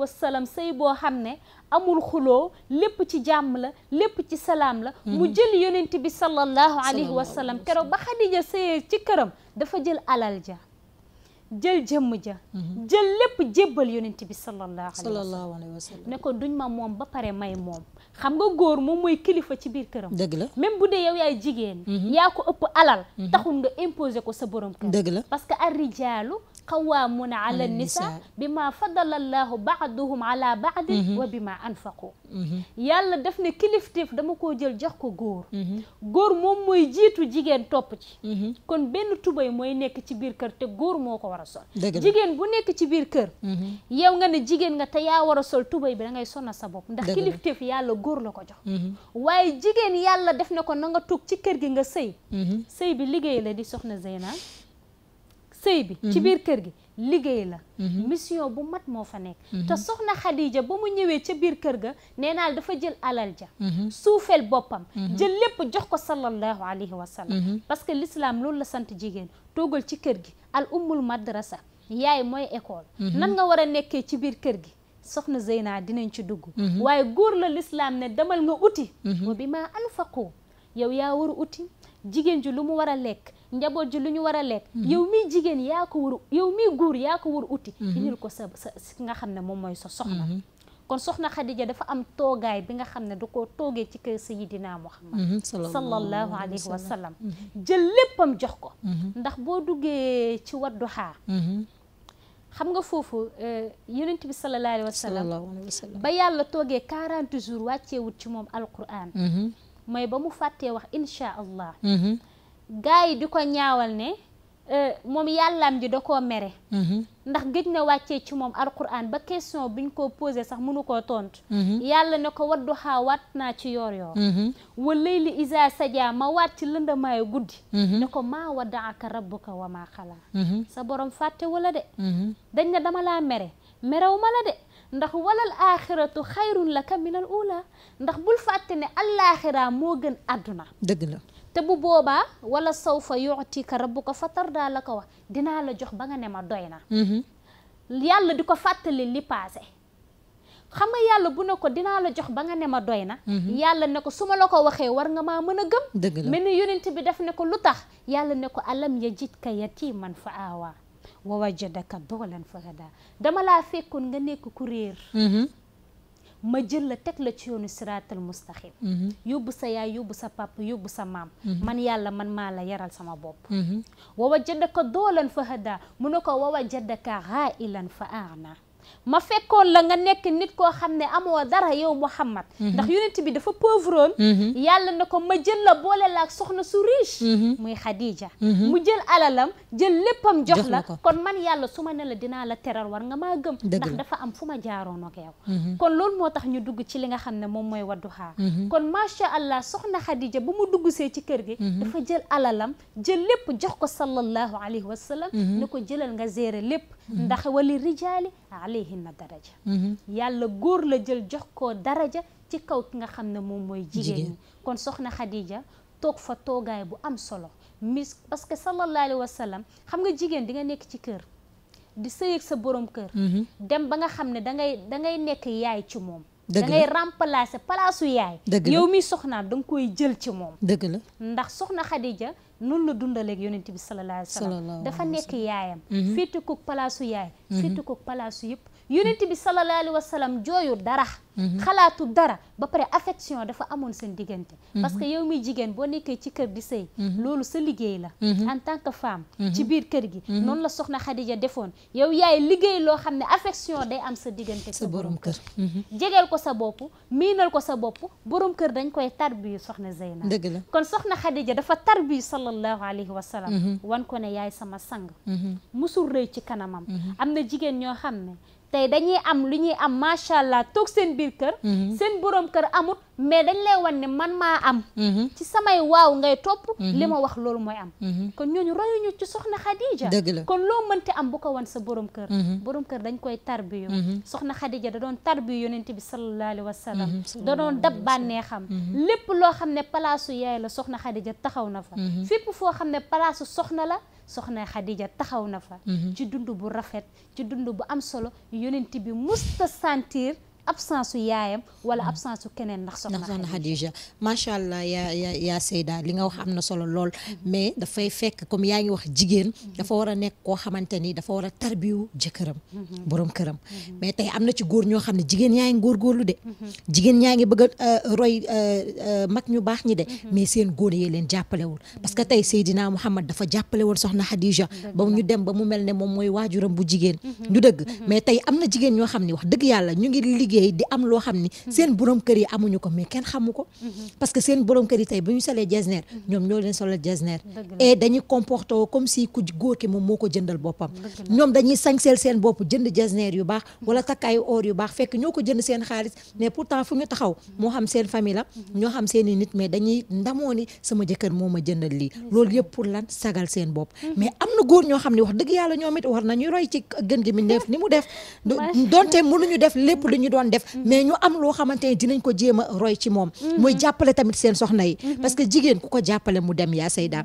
wa sallam sëy boo xam ne amul xuloo lépp ci jàmm lépp ci salaam la mm-hmm. mu jël yonent bi sallallahu wa sallam keroog ba Khadija sëyee ci këram dafa jël alal ja jël jëmm ja mm-hmm. jël lépp jébbal yonent bi sallallahu alayhi wa ne ko duñ ma moom ba pare may moom xam nga góor moom mooy kilifa ci biir këram. dëgg la même bu dee yow yaay jigéen. Mhm. yaa ko ëpp alal. Mhm. taxul nga imposer ko sa borom kër. dëgg la parce que ar rijaalu qawaamun ala nisa bima fadala allahu baaduhum ala baadin wa bima anfaqu yàlla def ne kilifteef dama ko jël jox ko góor góor moom mooy jiitu jigéen topp ci kon benn tubéy mooy nekk ci biir kër te góor moo ko war a sol jigéen bu nekk ci biir kër yow nga ne jigéen nga te yaa war a sol tubay bi da ngay sonna sa bopp ndax kilifteef yàlla góor la ko jox waaye jigéen yàlla def ne ko nanga nga toog ci kër gi nga sëy sëy bi liggéey la di soxna Zeyna sëy bi ci mhm. biir kër gi liggéey la mhm. mission bu mat moo fa nekk mhm. te soxna Xadija ba mu ñëwee ca biir kër ga nee naal dafa jël alal ja suufeel boppam jël lépp jox ko sallallahu alayhi wa sallam parce que lislaam loolu la sant jigéen toogal ci kër gi al ummul madrasa yaay mooy école nan nga war a nekkee ci biir kër gi soxna Zeyna dinañ ci dugg waaye góor la l'islam ne demal nga uti wa bi ma anfaqu yow yaa war uti jigéen ji lu mu war a lekk njaboot ji lu ñu war a lekk mhm. yow mi jigéen yaa ko war yow mi góor yaa ko war uti mhm. indil ko sa sa nga xam ne moom mooy sa soxna mhm. kon soxna Khadija dafa am toogaay bi nga xam ne du koo toogee ci kër Sayyidina Muhammad sallallahu alayhi wa sallam jël léppam jox ko ndax boo duggee ci Wadduha xam nga foofu euh, yonent bi sallallahu alayhi wa sallam ba yàlla toogee quarante jours wàcceewut ci moom alquran mooy ba mu fàttee wax insha allah gars yi di ko ñaawal ne euh, moom yàllaam ji da koo mere mm-hmm. ndax gëj na wàccee ci moom alquran ba question bi biñ ko posé sax mënu koo tontu. Mm-hmm. yàlla ne ko waddu xaa naa ci yoor yoor mm-hmm. wa layli isa sadia ma waat ci lëndamaayu guddi ne ko maa waddaaka rabbuka rabbu maa xalaa sa borom fàtte wala de dañ ne dama laa mere merew la de ndax walal axiratu xayrun laka minal ula ndax bul fàtte ne allaaxira moo gën àdduna dëgg la te bu boobaa wala saw fa yutika rabbuka fatarda la ko wax dinaa la jox ba nga ne ma doy na mhm. di ko fàttali li passé xam nga yàlla bu ne ko dinaa la jox ba nga ne ma doy na mhm. yàlla ne ko su ma la ko waxee war nga maa mën a gëm dëgg la mel bi def ne ko lu tax yàlla ne ko alam yajidka man fa aawaa wa wajadaka dolan fa hadaa dama laa fekkoon nga nekk ku réer mhm. ma jël la teg la ci yoonu siraatal mustaqim mhm. yóbbu sa yaay yóbbu sa papa yóbbu sa maam mhm. man yàlla man maa la yaral sama bopp mhm. wa wajadaka doolan fa hada mu ne ko wa wajadaka ghailan fa aana ma fekkoon la nga nekk nit koo xam ne amoo dara yow Muhammad mhm. ndax yonent bi dafa pauvroon mhm. yàlla na ko ma jël la boole la ak soxna su riche mhm. muy Khadija mu jël alalam jël léppam jox ko kon man yàlla su ma ne dinaa la teral war nga maa gëm ndax dafa am fu ma jaaroon ak yow kon loolu moo tax ñu dugg ci li nga xam ne moom mooy Wadduha kon macha allah soxna Khadija bu mu dugg see ci kër gi dafa jël alalam jël lépp jox ko sallallahu alayhi wa sallam ko jëlal nga gérer lépp ndax wali rijaali alayhinna daraja mhm. yàlla góor la jël jox ko daraja ci kaw ki nga xam ne moom mooy jigéen ñi kon soxna Khadija toog fa toogaay bu am solo mis parce que sallallahu alayhi wa sallam xam nga jigéen di nga nekk ci kër di sëyeeg sa borom kër mhm. dem ba nga xam ne da ngay da ngay nekk yaay ci moom dëgg la da ngay palaasu yaay. dëgg yow mi soxnaa da nga koy jël ci moom. dëgg la ndax soxna Khadija noonu la dundaleeg yonent bi sallallahu alayhi wa sallam dafa nekk yaayam. Mhm. féete koog palaasu yaay. Mhm. féete koog palaasu yëpp. yonent bi sallallahu alayhi wa sallam jooyu dara mhm. xalaatu dara ba pare affection dafa amoon seen diggante mhm. parce que yow miy jigéen boo nekkee ci kër di sëy mhm. loolu sa liggéey la en tant que femme ci biir kër gi noonu la soxna Xadija defoon yow yaay liggéey loo xam ne affection day am sa diggante sa borom kër jegeel ko sa bopp miinal ko sa bopp borom kër dañ koy tarbiyu soxna Zeyna dëgg la kon soxna Xadija dafa tarbiyu sallallahu alayhi wa sallam wan ko ne yaay sama sang musul rëy ci kanamam am na jigéen ñoo xam ne tey dañuy am lu ñuy am macha allah toog seen biir kër. Mhm. seen borom kër amut mais dañ lay wan ne man maa am. Mhm. ci samay waaw ngay topp. Mhm. li ma wax loolu mooy am. kon ñooñu royuñu ci soxna Khadija. dëgg la kon loo mënti am bu ko wan sa borom kër. borom kër dañ koy tarbiyu. soxna Khadija da doon tarbiyu yonent bi sallallahu alayhi wa sallam. da doon dab bànneexam. lépp loo xam ne palaasu yaay la soxna Khadija taxaw na fa. fépp foo xam ne palaasu soxna la. soxna Xadija taxaw na fa. Mm-hmm. ci dund bu rafet ci dund bu am solo yonent bi musta sentir absence su yaayam wala mm. absence su keneen ndax soxna Xadija macha allah yaa yaa yaa Seyda li nga wax am na solo lool mm-hmm. mais dafay fekk comme yaa ngi wax jigéen mm-hmm. dafa war a nekk koo xamante ni dafa war a tarbiyu jëkkëram mm-hmm. borom këram mais tey am na ci góor ñoo xam ne jigéen yaa ngi góorgóorlu de jigéen yaa ngi bëgg a euh, roy euh, euh, mag ñu baax de mais seen góor yee leen jàppalewul parce que tey Seydina Mouhamad dafa jàppale woon soxna Xadija ba ñu dem ba mu mel ne moom mooy waajuram bu jigéen ñu dëgg mais tey am na jigéen ñoo xam ne wax dëgg yàlla ñu ngi liggéey liggéey di am loo xam ni mhm. seen borom kër yi amuñu ko mais kenn xamu ko mhm. parce que seen borom kër yi tey bu ñu solee jesner mhm. ñoom ñoo leen solal jesner et dañuy comporté woo comme si ku góor ki moom moo ko jëndal boppam ñoom dañuy sañseel seen bopp jënd jesner yu baax wala takkaayu or yu baax fekk ñoo ko jënd seen xaalis mais pourtant fu ñu taxaw moo xam seen famille la ñoo xam seen i nit mais dañuy ndamoo sama jëkkër moo ma jëndal lii loolu yëpp pour (laughs) doon def mm-hmm. mais ñu am loo xamante ne dinañ ko jéem a roy ci moom mooy mm-hmm. jàppale tamit seen soxna yi mm-hmm. parce que jigéen ku ko jàppale mu dem yaa sayda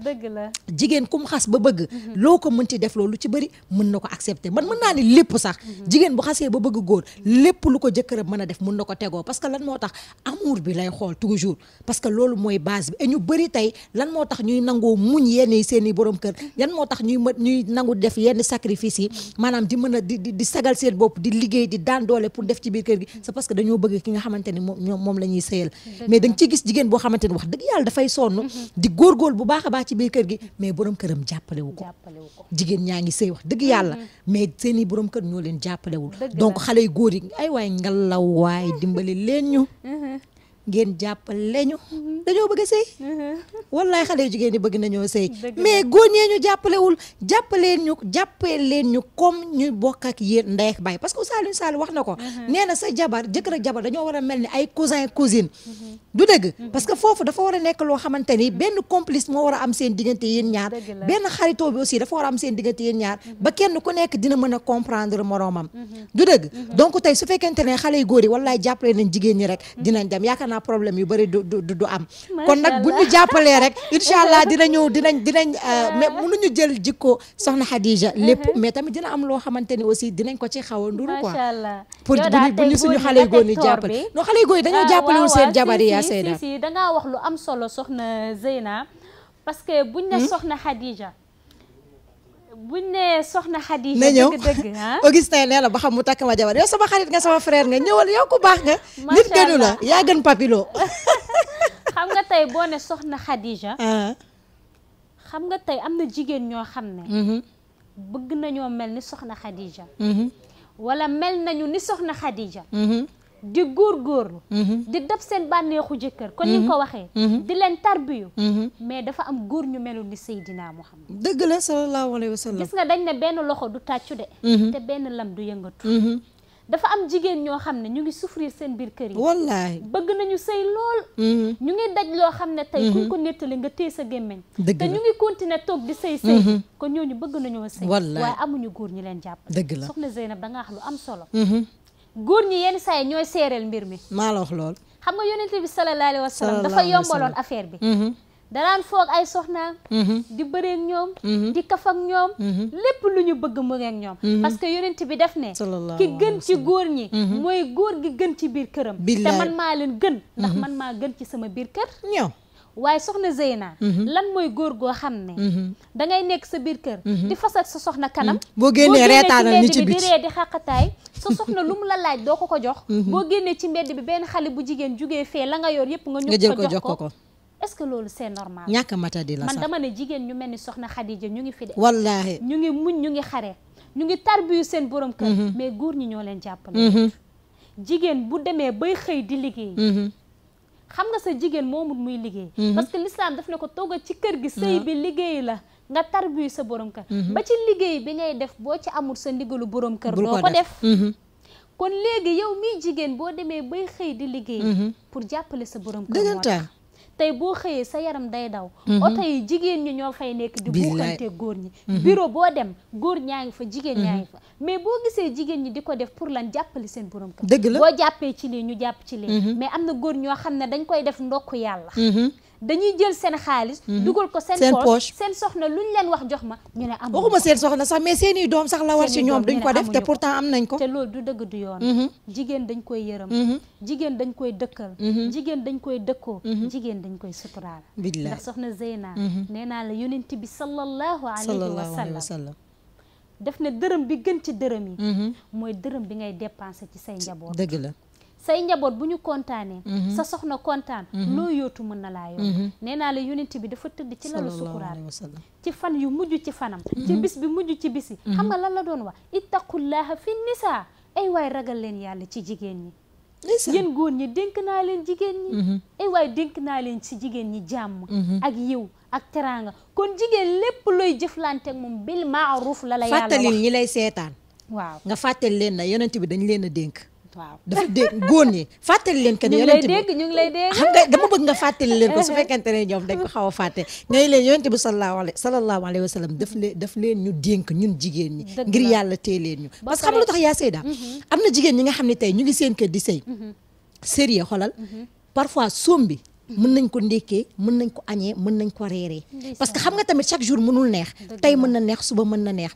jigéen ku mu xas ba bëgg loo ko mënti def loolu ci bëri mën na ko accepter man mën naa ne lépp sax jigéen bu xasee ba bëgg góor lépp lu ko jëkkëram mën a def mun na ko tegoo parce que lan moo tax amour bi lay xool toujours parce que loolu mooy base bi et ñu bëri tey lan moo tax ñuy nangoo muñ yenn yi seen i borom kër lan moo tax ñuy mën ñuy nangu def yenn sacrifice yi maanaam di mën a di di sagal seen bopp di liggéey di daan doole def ci biir kër gi c'est parce que dañoo bëgg ki nga xamante ne moom ñoom moom la ñuy sëyal mais da nga ciy gis jigéen boo xamante ne wax dëgg yàlla dafay sonn mm-hmm. di góorgóorlu bu baax a baax ci biir kër gi mais borom ñaa ngi sëy wax dëgg yàlla mm-hmm. mais seen i borom kër ñoo leen jàppalewul donc xale yu góor yi ay waay ngalaw waay dimbali leen ñu mm-hmm. ngeen jàppale ñu mm-hmm. dañoo bëgg a sëy mm-hmm. wallaay xale yu jigéen ñi bëgg nañoo sëy mais góor ñee ñu jàppalewul jàppaleen ñu jàppee leen ñu comme ñu bokk ak yéen ndey ak baay parce que Ousseynou Sall wax na ko mm-hmm. nee na sa jabar jëkkër ak jabar dañoo war a mel ni ay cousin cousine du dëgg parce que foofu dafa war a nekk loo xamante ni benn complice moo war am seen diggante yéen ñaar benn xaritoo bi aussi dafa war a am seen diggante yéen ñaar ba kenn ku nekk dina mën a comprendre moroomam du dëgg donc tey su fekkente ne xale yi góor yi wallaay jàppale nañ jigéen ñi rek dinañ dem yaakaar xanaa problème yu bëri du du du am. kon nag bu ñu jàppalee rek (laughs) incha allah dinañu dinañ dinañ. Euh, mais mënuñu jël jikko soxna Xadija uh-huh. lépp mais tamit dina am loo xamante aussi dinañ ko ci xaw a nduru quoi. pour bu ñu suñu xale yu góor ñi jàppale. non xale yu góor yi dañoo ah, seen jabar yi yaa Seyda. si wax lu am solo soxna Zeyna parce que buñ ne hmm? soxna Xadija buñ ne soxna Khady. na ñëw dëgg dëgg (laughs) ah. Augustin nee na ba xam mu takk ma jabar yow sama xarit nga sama frère nga ñëwal yow ku baax nga. (laughs) nit gënu la yaa gën papilo (laughs) xam nga tey boo ne soxna Khadija. Ah. xam nga tey am na jigéen ñoo xam ne. Mm-hmm. bëgg nañoo mel ni soxna Khadija. Mm-hmm. wala mel nañu ni soxna Khadija. Mm-hmm. di góorgóorlu mhm. di dab seen bànneexu jëkkër kon ni nga mhm. ko waxee mhm. di leen tarbiyu mais dafa am góor ñu melul ni Seydina Muhammad dëgg la sallallahu alayhi wa sallam gis nga dañ ne benn loxo du tàccu de te benn lam du yëngatu dafa am jigéen ñoo xam ne ñu ngi souffrir seen biir kër yi wallaay bëgg nañu sëy lool ñu ngi daj loo xam ne tey kuñ ko nga téye sa gémmiñ te ñu ngi toog di sëy sëy kon ñooñu bëgg nañoo sëy wallaay waaye amuñu góor ñi leen jàpp dëgg la soxna Zeynab da nga wax lu am solo góor ñi yenn saa yi ñooy seereel mbir mi. maa lool. xam nga yonent bi sallallahu alayhi wa sallam dafa yombaloon affaire bi. Mm-hmm. danaan foog ay soxnaam. Mm-hmm. di bëreek ñoom. Mm-hmm. di kaf ak ñoom. lépp lu ñu bëgg mu ñoom. parce que yonent bi def ne. ki gën ci góor ñi. mooy góor gi gën ci biir këram. te man maa leen gën. ndax man maa gën ci sama biir kër. ñoom waaye soxna Zeyna. Mhm. lan mooy góor goo xam ne. Mhm. da ngay nekk sa biir kër. Mhm. di fasal sa soxna kanam. boo génnee reetaanal ni ci biti boo mbedd bi di ree di xàqataay sa lu mu la laaj doo ko ko jox. boo génnee ci mbedd bi benn xale bu jigéen jugee fee la nga yor yëpp nga. ñu ko jox ko est-ce que loolu c'est normal. ñàkk di la sax man dama ne jigéen ñu mel ni soxna Xadija ñu ngi fi de. wallaahi ñu ngi muñ ñu ngi xare ñu ngi tarbiyu seen borom kër. mais góor ñi ñoo leen jàppale. jigéen bu demee bay xëy di liggéey xam nga sa jigéen moomut muy liggéey mhm. parce que l'islam daf ne ko toggal ci kër gi sëy bi mhm. liggéey la nga tar tarbiyu sa borom kër mhm. ba ci liggéey bi ngay def boo ci amul sa ndigalu borom kër doo ko def kon léegi yow miy jigéen boo demee bay xëy di liggéey pour jàppale sa borom kër dëggantaan tey boo xëyee sa yaram day daw mhm. oto yi jigéen ñi ñoo fay nekk di buuxante góor ñi mhm. bureau boo dem góor ñaa ngi fa jigéen mhm. ñaa ngi fa mais boo gisee jigéen ñi di ko def pour lan jàppale seen borom kër dëgg la boo jàppee ci lee ñu jàpp ci lii mais am na góor ñoo xam ne dañ koy def ndokku yàlla dañuy jël seen xaalis. Mhm. dugal ko seen poche seen soxna luñ leen wax jox ma ñu ne amul. waxuma seen soxna sax mais seen i doom sax la war ci ñoom duñ ko def te pourtant am nañ ko. te lool du dëgg du yoon. Mhm. jigéen dañ koy yërëm. Mhm. jigéen dañ koy dëkkal. jigéen dañ koy dëkkoo. jigéen dañ koy suturaal. billaay ndax soxna Zeyna. nee naa la yonent bi sallallahu alayhi wa sallam. def na dërëm bi gën ci dërëm yi. mooy dërëm bi ngay dépensé ci say njaboot. dëgg la. say njaboot bu ñu kontaanee mhm. sa soxna kontaan mhm. loo yootu mën na laa yokk mhm. nee naa la yonent bi dafa tëdd ci lalu sukuraat ci fan yu mujj ci fanam ci bis bi mujj ci bisi xam nga lan la doon wax ittaqullaha fi nisaa ay waay ragal leen yàlla ci jigéen ñi góor ñi dénk naa leen jigéen ñi naa leen ci jigéen ñi jàmm ak yiw ak teraanga kon jigéen lépp looy jëflante ak moom bil maaruf la la yàlla wax lay seetaan waaw nga fàttali leen na yonent bi dañ leen a dénk waaw dafa dégg góor ñi fàttali leen que ni yonent bi ñu ngi lay dégg xam dama bëgg nga fàttali leen ko su (laughs) fekkente ne ñoom dañ ko xaw a fàtte ngay leen yonent bi sallallahu leen daf leen ñu dénk ñun jigéen ñi ngir yàlla tee leen ñu parce que xam lu tax yaa sëy daa mhm. am na jigéen ñi nga xam ne tey ñu ngi seen kër di sëy mhm. sérieux xolal mhm. parfois soom bi mën nañ ko ndékkee mën nañ ko añee mën nañ ko reeree parce que xam nga tamit chaque jour mënul neex tey mën na neex suba mën na neex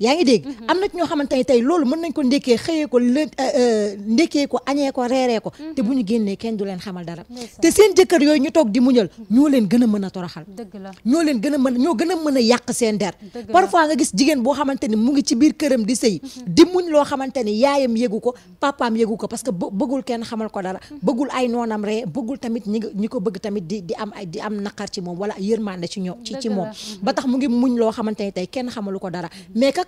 yaa ngi dégg mm-hmm. am na ci ñoo xamante ne tey loolu mën nañ ko ndékkee xëyee ko lë euh, euh, ndékkee ko añee ko reeree ko mm-hmm. te bu ñu génnee kenn du leen xamal dara te seen jëkkër yooyu ñu toog di muñal mm-hmm. ñoo leen gën a mën a toroxal ñoo leen gën a mën ñoo gën a mën a yàq seen der parfois nga gis jigéen boo xamante ni mu ngi ci biir këram di sëy di muñ loo xamante ni yaayam yëgu ko papaam yëgu ko parce que bëggul kenn xamal ko dara bëggul ay noonam ree bëggul tamit ñi ñi ko bëgg tamit di di am ay di am naqar ci moom wala yërmande ci ñoom ci ci moom ba tax mu ngi muñ loo xamante ni tey kenn xamalu ko dara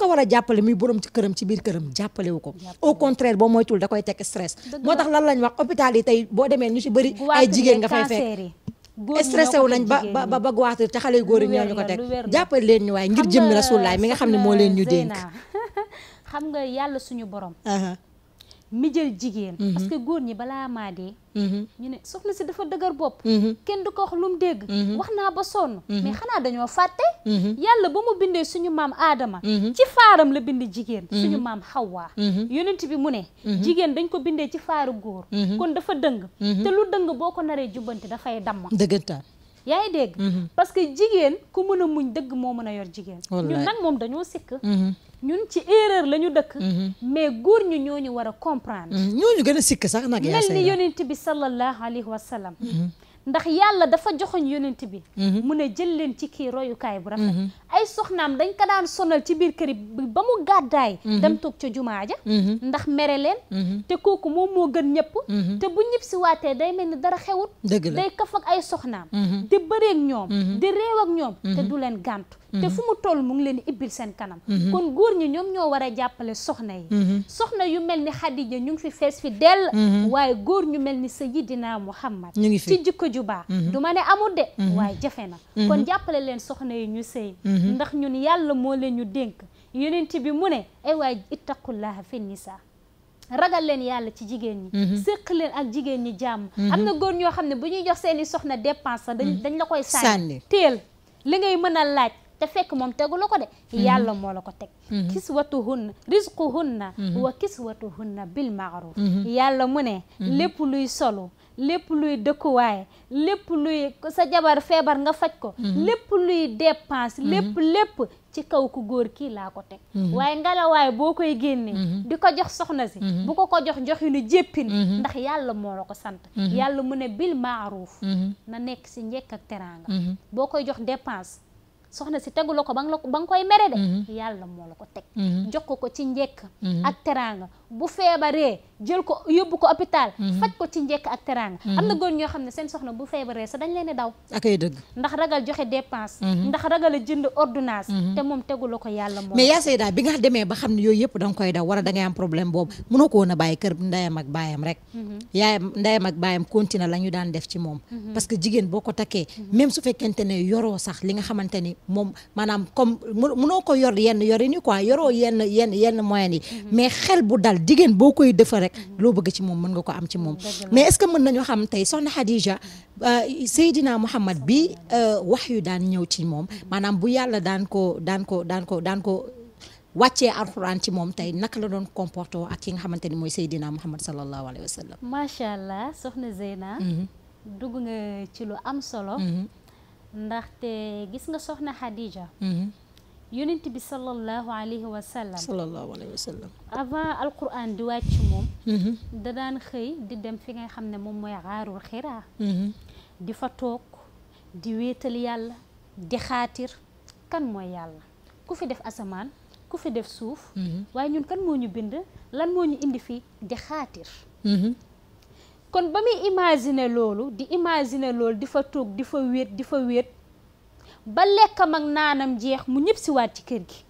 ko war a jàppale muy borom ci këram ci biir këram jàppale ko au contraire boo moytul da koy tekk stress moo tax lan lañ wax hôpital yi tey boo demee ñu ci bëri ay jigéen nga fay fekk stressé wu nañ ba ba ba goiatir te xale yu góor yi ñoo ñu ko teg leen ñu waaye ngir jëmmi Rasulullah mi nga xam ne moo leen ñu dénk (laughs) xam nga yàlla suñu borom mi jigéen. Mm-hmm. parce que góor ñi balaa maa dee. Mm-hmm. ñu ne soxna si dafa dëgër bopp. Mm-hmm. kenn du ko wax lu dégg. wax naa ba sonn. mais xanaa dañoo fàtte. yàlla ba mu bindee suñu maam Adama. ci faaram la bind jigéen. suñu maam Hawa. yonent bi mu ne. jigéen dañ ko bindee ci faaru góor. kon dafa dëng. te lu dëng boo ko naree jubbanti dafay damm. dëggantaan. yaa ngi dégg mhm. parce que jigéen ku mën a muñ dëgg moo mën a yor jigéen ñun nag moom dañoo sikk mhm. ñun ci erreur la ñu dëkk mhm. mais góor ñu ñooñu war a comprendre ñooñu gën a sikk sax nag mel ni yonent bi sallallahu alayhi wa sallam ndax yàlla dafa joxoñ yonent bi mhm. mu ne jël leen ci kii royukaay bu rafet mhm. ay soxnaam dañ ko daan sonal ci biir kër bi ba mu gàddaay mhm. dem toog ca jumaa ja ndax mere leen te kooku moom moo gën ñëpp te bu ñëpp si waatee day mel ni dara xewut day kaf ak ay soxnaam di bëreeg ñoom di réew ñoom te du leen gàntu te mhm. fu mu toll mu ngi leen di ibbil seen kanam mhm. kon góor ñi ñoom ñoo war a jàppale soxna yi mhm. soxna yu mel ni Xadija ñu ngi fi fees fi dell waaye góor ñu mel ni Sayyidina Muhammad ñu ngi fi ci jikko ju baax du ma ne amul de waaye jafe na kon jàppale leen soxna yi ñu sëy ndax ñun yàlla moo leen ñu dénk yonent bi mu ne ay waaye ittaqullaha fi nisa ragal leen yàlla ci jigéen ñi séq leen ak jigéen ñi jàmm am na góor ñoo xam ne bu ñuy jox seeni soxna dépense dañ dañ la koy sànni te fekk moom tegu la ko de mhm. yàlla moo la ko teg mhm. na mhm. kiswatuhunna rizquhunna wa na bil ma'ruf yàlla mu ne lépp luy solo lépp luy dëkkuwaay lépp luy sa jabar feebar nga faj ko lépp luy depanse lépp lépp ci kaw ku góor kii laa ko teg waaye ngelawaay boo koy génnee di ko jox soxna si bu ko ko jox joxinu jéppin ndax yàlla moo la ko sant yàlla mu ne bil ma'ruf na nekk si njekk ak teraanga boo koy jox dépense soxna si tegu la ko ba nga ba nga koy mere de mhm. yàlla moo la ko teg mhm. jox ko ko ci njekk mhm. ak teraanga bu feebaree jël ko yóbbu ko hôpital. Mhm. faj ko ci njekk ak teraanga. Mhm. am na góor ñoo xam ne seen soxna bu feebaree sax dañ leen di daw. ak ay dëgg ndax ragal joxe dépense. Mhm. ndax ragal a jënd ordonnance. te moom tegu ko yàlla moom. bi nga ba xam ne yooyu yëpp da nga koy daw wala da ngay am problème boobu mënoo la ñu daan def ci moom. parce boo ko takkee. su fekkente ne yoroo sax li nga ni moom maanaam comme mënoo ko yor yenn yorin yi quoi yoroo yenn yenn yi mais xel bu dal jigéen boo koy defa rek mhm. loo bëgg ci moom mën nga ko am ci moom mais est-ce que mën nañoo xam tey soxna Khadija euh, Seydina Mouhamad bi euh, wax yu daan ñëw ci moom mhm. maanaam bu yàlla daan ko daan ko daan ko daan ko wàccee alxuraan ci moom tey naka la doon comporté ak ki nga xamante ni mooy Seydina Mouhamad sallallahu alayhi wa sallam macha allah soxna Zeyna mhm. dugg nga ci lu am solo ndaxte gis nga soxna Khadija yonent bi sallallahu alayhi wa sallam. sallallahu alayhi wa sallam. avant alquran di wàcc moom. Mm-hmm. da daan xëy di dem fi ngay xam ne moom mooy xaarul xiraa. Mm-hmm. di fa toog di wéetal yàlla di xaatir kan mooy yàlla ku fi def asamaan ku fi def suuf. Mm-hmm. waaye ñun kan moo ñu bind lan moo ñu indi fi di xaatir. kon ba muy imaginer loolu di imagine loolu di fa toog di fa wéet di fa wéet. ba lekkam ak naanam jeex mu ñëpp si waat ci kër gi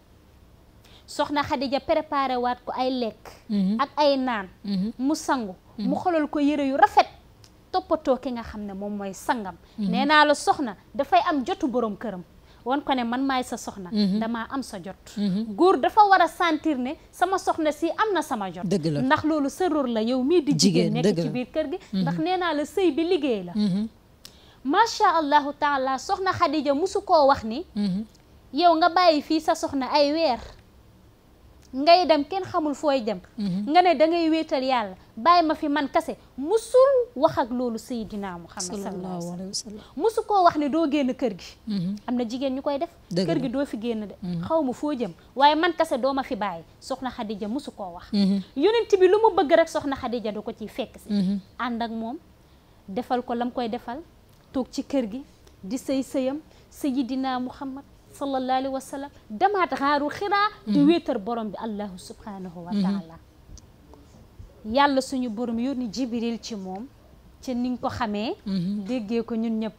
soxna Xadija préparé waat ko ay lekk mhm. ak ay naan mhm. mu sangu mhm. mu xolal ko yére yu rafet toppatoo ki nga xam ne moom mooy sangam nee naa la soxna dafay am jotu boroom këram wan ko ne man maay sa soxna dama am sa jot góor dafa war a sentir ne sama soxna si am na sama jot dëgg la ndax loolu sa rôle la yow mii di jigéen nekk ci biir kër gi ndax nee naa la sëy bi liggéey la macha allahu taala soxna Khadija musu koo wax ni. Mhm. yow nga bàyyi fii sa soxna ay weer. ngay dem kenn xamul fooy dem. Mhm. nga ne da ngay wéetal yàlla bàyyi ma fi man kase musul wax ak loolu Seydina Muhammad sallallahu alayhi wa sallam musu koo wax ne doo génn kër gi. Mhm. am na jigéen ñu koy def. kër gi doo fi génn de. xaw ma foo jëm waaye man kase doo ma fi bàyyi soxna Khadija musu koo wax. yonent bi lu mu bëgg rek soxna Khadija da ko ciy fekk si. ànd ak moom defal ko la lam koy defal. toog ci kër gi di sëy sëyam sayidina muhammad sallallahu alayhi wa sallam damaat xaaru xiraa di mhm. wéetar borom bi allahu subhanahu wa mhm. yàlla suñu borom yónni jibril ci moom ci niñ ko xamee mhm. déggee ko ñun ñëpp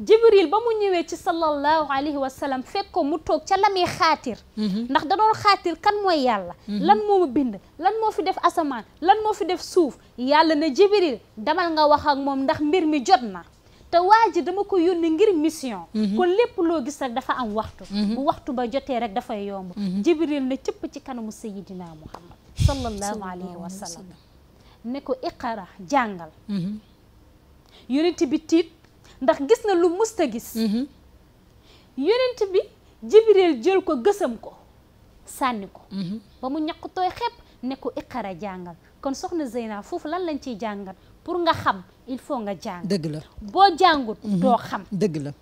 jibril ba mu ñëwee ci sallallahu alayhi wa sallam fekk ko mu toog ca la muy xaatir mhm. ndax da doon xaatir kan mooy yàlla mhm. lan moo bind lan moo fi def asamaan lan moo fi def suuf yàlla ne jibril damal nga wax ak moom ndax mbir mi jot na te waa ji dama ko yónni ngir mission mhm. kon lépp loo gis rek dafa am waxtu bu waxtu ba jotee rek dafay yomb jibril ne cëpp ci kanamu sayidina muhammad sallallahu alayhi wa sallam ne ko iqara jàngal yonent bi tiit ndax gis na lu musta gis mhm. yonent bi jibril jël ko gësam ko sànni ko mhm. ba mu ñaq tooy xepp ne ko iqara jàngal kon soxna Zeyna foofu lan lañ ciy jàngal pour nga xam il faut nga jàng dëgg la boo jàngut mhm. doo xam dëgg la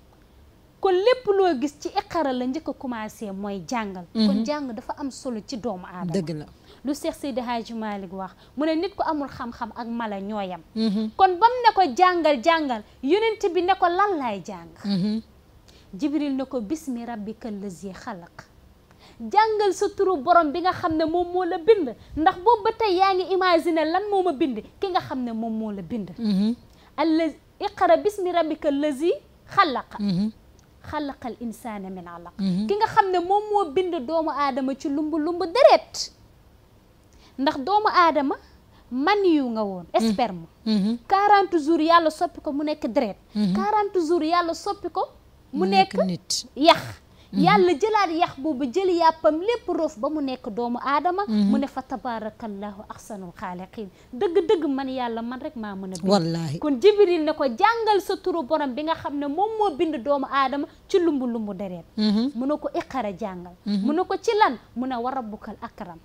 kon lépp loo gis ci iqara la njëkk a commencé mooy jàngal kon jàng dafa am solo ci doomu aadama dëgg la lu Cheikh Seydi Hadji Malick wax mu ne nit ku amul xam-xam ak mala ñooyam mm-hmm. kon bam ne ko jàngal-jàngal yonent bi ne ko lan laay jàng mm-hmm. Jibril ne ko bismi rabbika lazi xalaq jàngal sa turu borom bi nga xam ne moom moo la ndax ba tey yaa ngi imaginer lan moo bind ki nga xam ne moom moo la bind mm-hmm. allazi iqra bismi rabbika lazi xalaqa xalaqal insaana min alaq ki nga xam ne moom moo bind doomu aadama ci lumb lumb deret ndax doomu aadama man yu nga woon mm-hmm. sperme mm-hmm. quarante jours yàlla soppi ko mu nekk deret mm-hmm. quarante jours yàlla soppi ko mu nekk nit yax yàlla jëlaat yax boobu jël yàppam lépp roof ba mu nekk doomu aadama mu ne fa tabarakallahu ahsanul xaaliqin dëgg-dëgg man yàlla man rek maa mën a bind wallaahi kon jibril ne ko jàngal sa turu borom bi nga xam ne moom moo bind doomu aadama ci lumbu lumbu dereet mu ne ko iqara jàngal mu ne ko ci lan mu ne wa rabbukal akram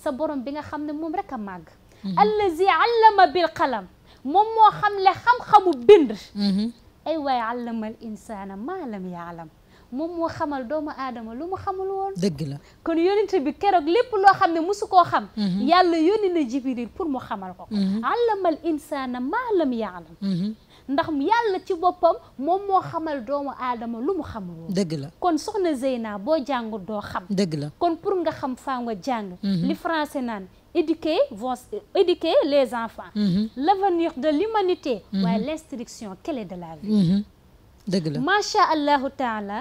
sa borom bi nga xam ne moom rek a màgg mhm. allazi allama bil qalam moom moo xam le xam-xamu bind mhm. ay waaye allamal insaana maa lam yaalam moom moo xamal doomu aadama lu mu xamul woon dëgg la kon yonent bi keroog lépp loo xam ne musu koo xam mhm. yàlla yónni na jibril pour mu xamal ko ko allamal insaana maa lam yaalam ndax yàlla ci boppam moom moo xamal doomu aadama lu mu xamul dëgg la kon soxna Zeyna boo jàngul doo xam dëgg la kon pour nga xam faa nga jàng mhm. li français naan éduquer vos éduquer les enfants mhm. l'avenir de l'humanité mhm. waaye l'instruction clé de la vie dëgg la macha allahu taala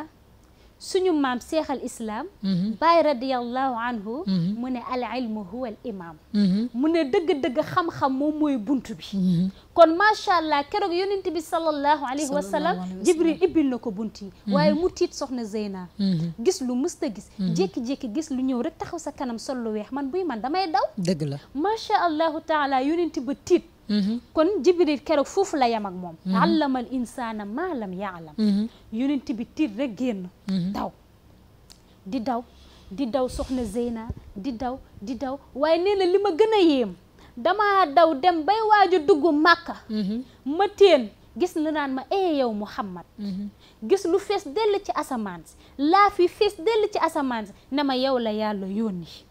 suñu maam seexal islaam mm-hmm. baay radiallahu anhu mm-hmm. mu ne al ilmu huwa al imam mm-hmm. mu ne dëgg-dëgg xam-xam moom mooy bunt bi kon macha allah keroog yonent bi sallallahu alayhi wa sallam jibril ibbil na ko bunt yi waaye mu tiit soxna Zeyna gis lu mës gis jékki-jékki gis lu ñëw rek taxaw sa kanam sol lu weex man buy man damay daw dëgg la macha allahu taala yonent ba tiit Mm-hmm. kon jibril keroog foofu la yam ak moom mm-hmm. allamal insaana maa lam yaalam mm-hmm. yonent bi tiit rek génn daw di daw di daw soxna Zeyna di daw di daw waaye nee na li ma gën a yéem dama daw dem bay waaju dugg màkka ma téen gis lu naan ma ee eh, yow Muhammad gis lu fees dell ci asamaan si laa fi fees dell ci asamaan si ne ma yow la yàlla yoon yi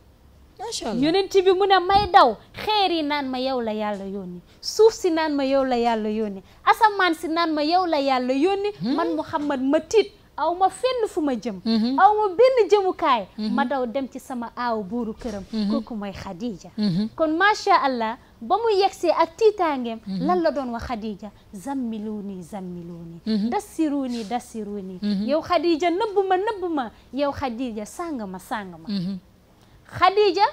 macha allah yonent bi mu ne may daw xeer yi naan ma yow la yàlla yónni suuf si naan ma yow la yàlla yónni asamaan si naan ma yow la yàlla yónni hmm? man Muhammad ma tiit aw ma fenn fu ma jëm aw ma benn jëmukaay ma daw dem ci sama aaw buuru këram kooku mooy Khadija kon macha allah ba mu yegsee ak tiitaangeem lan la doon wax Khadija zammiluuni zammiluuni dassiruuni dassiruuni yow Khadija nëbb ma nëbb ma yow Khadija sàng ma sàng ma Khadija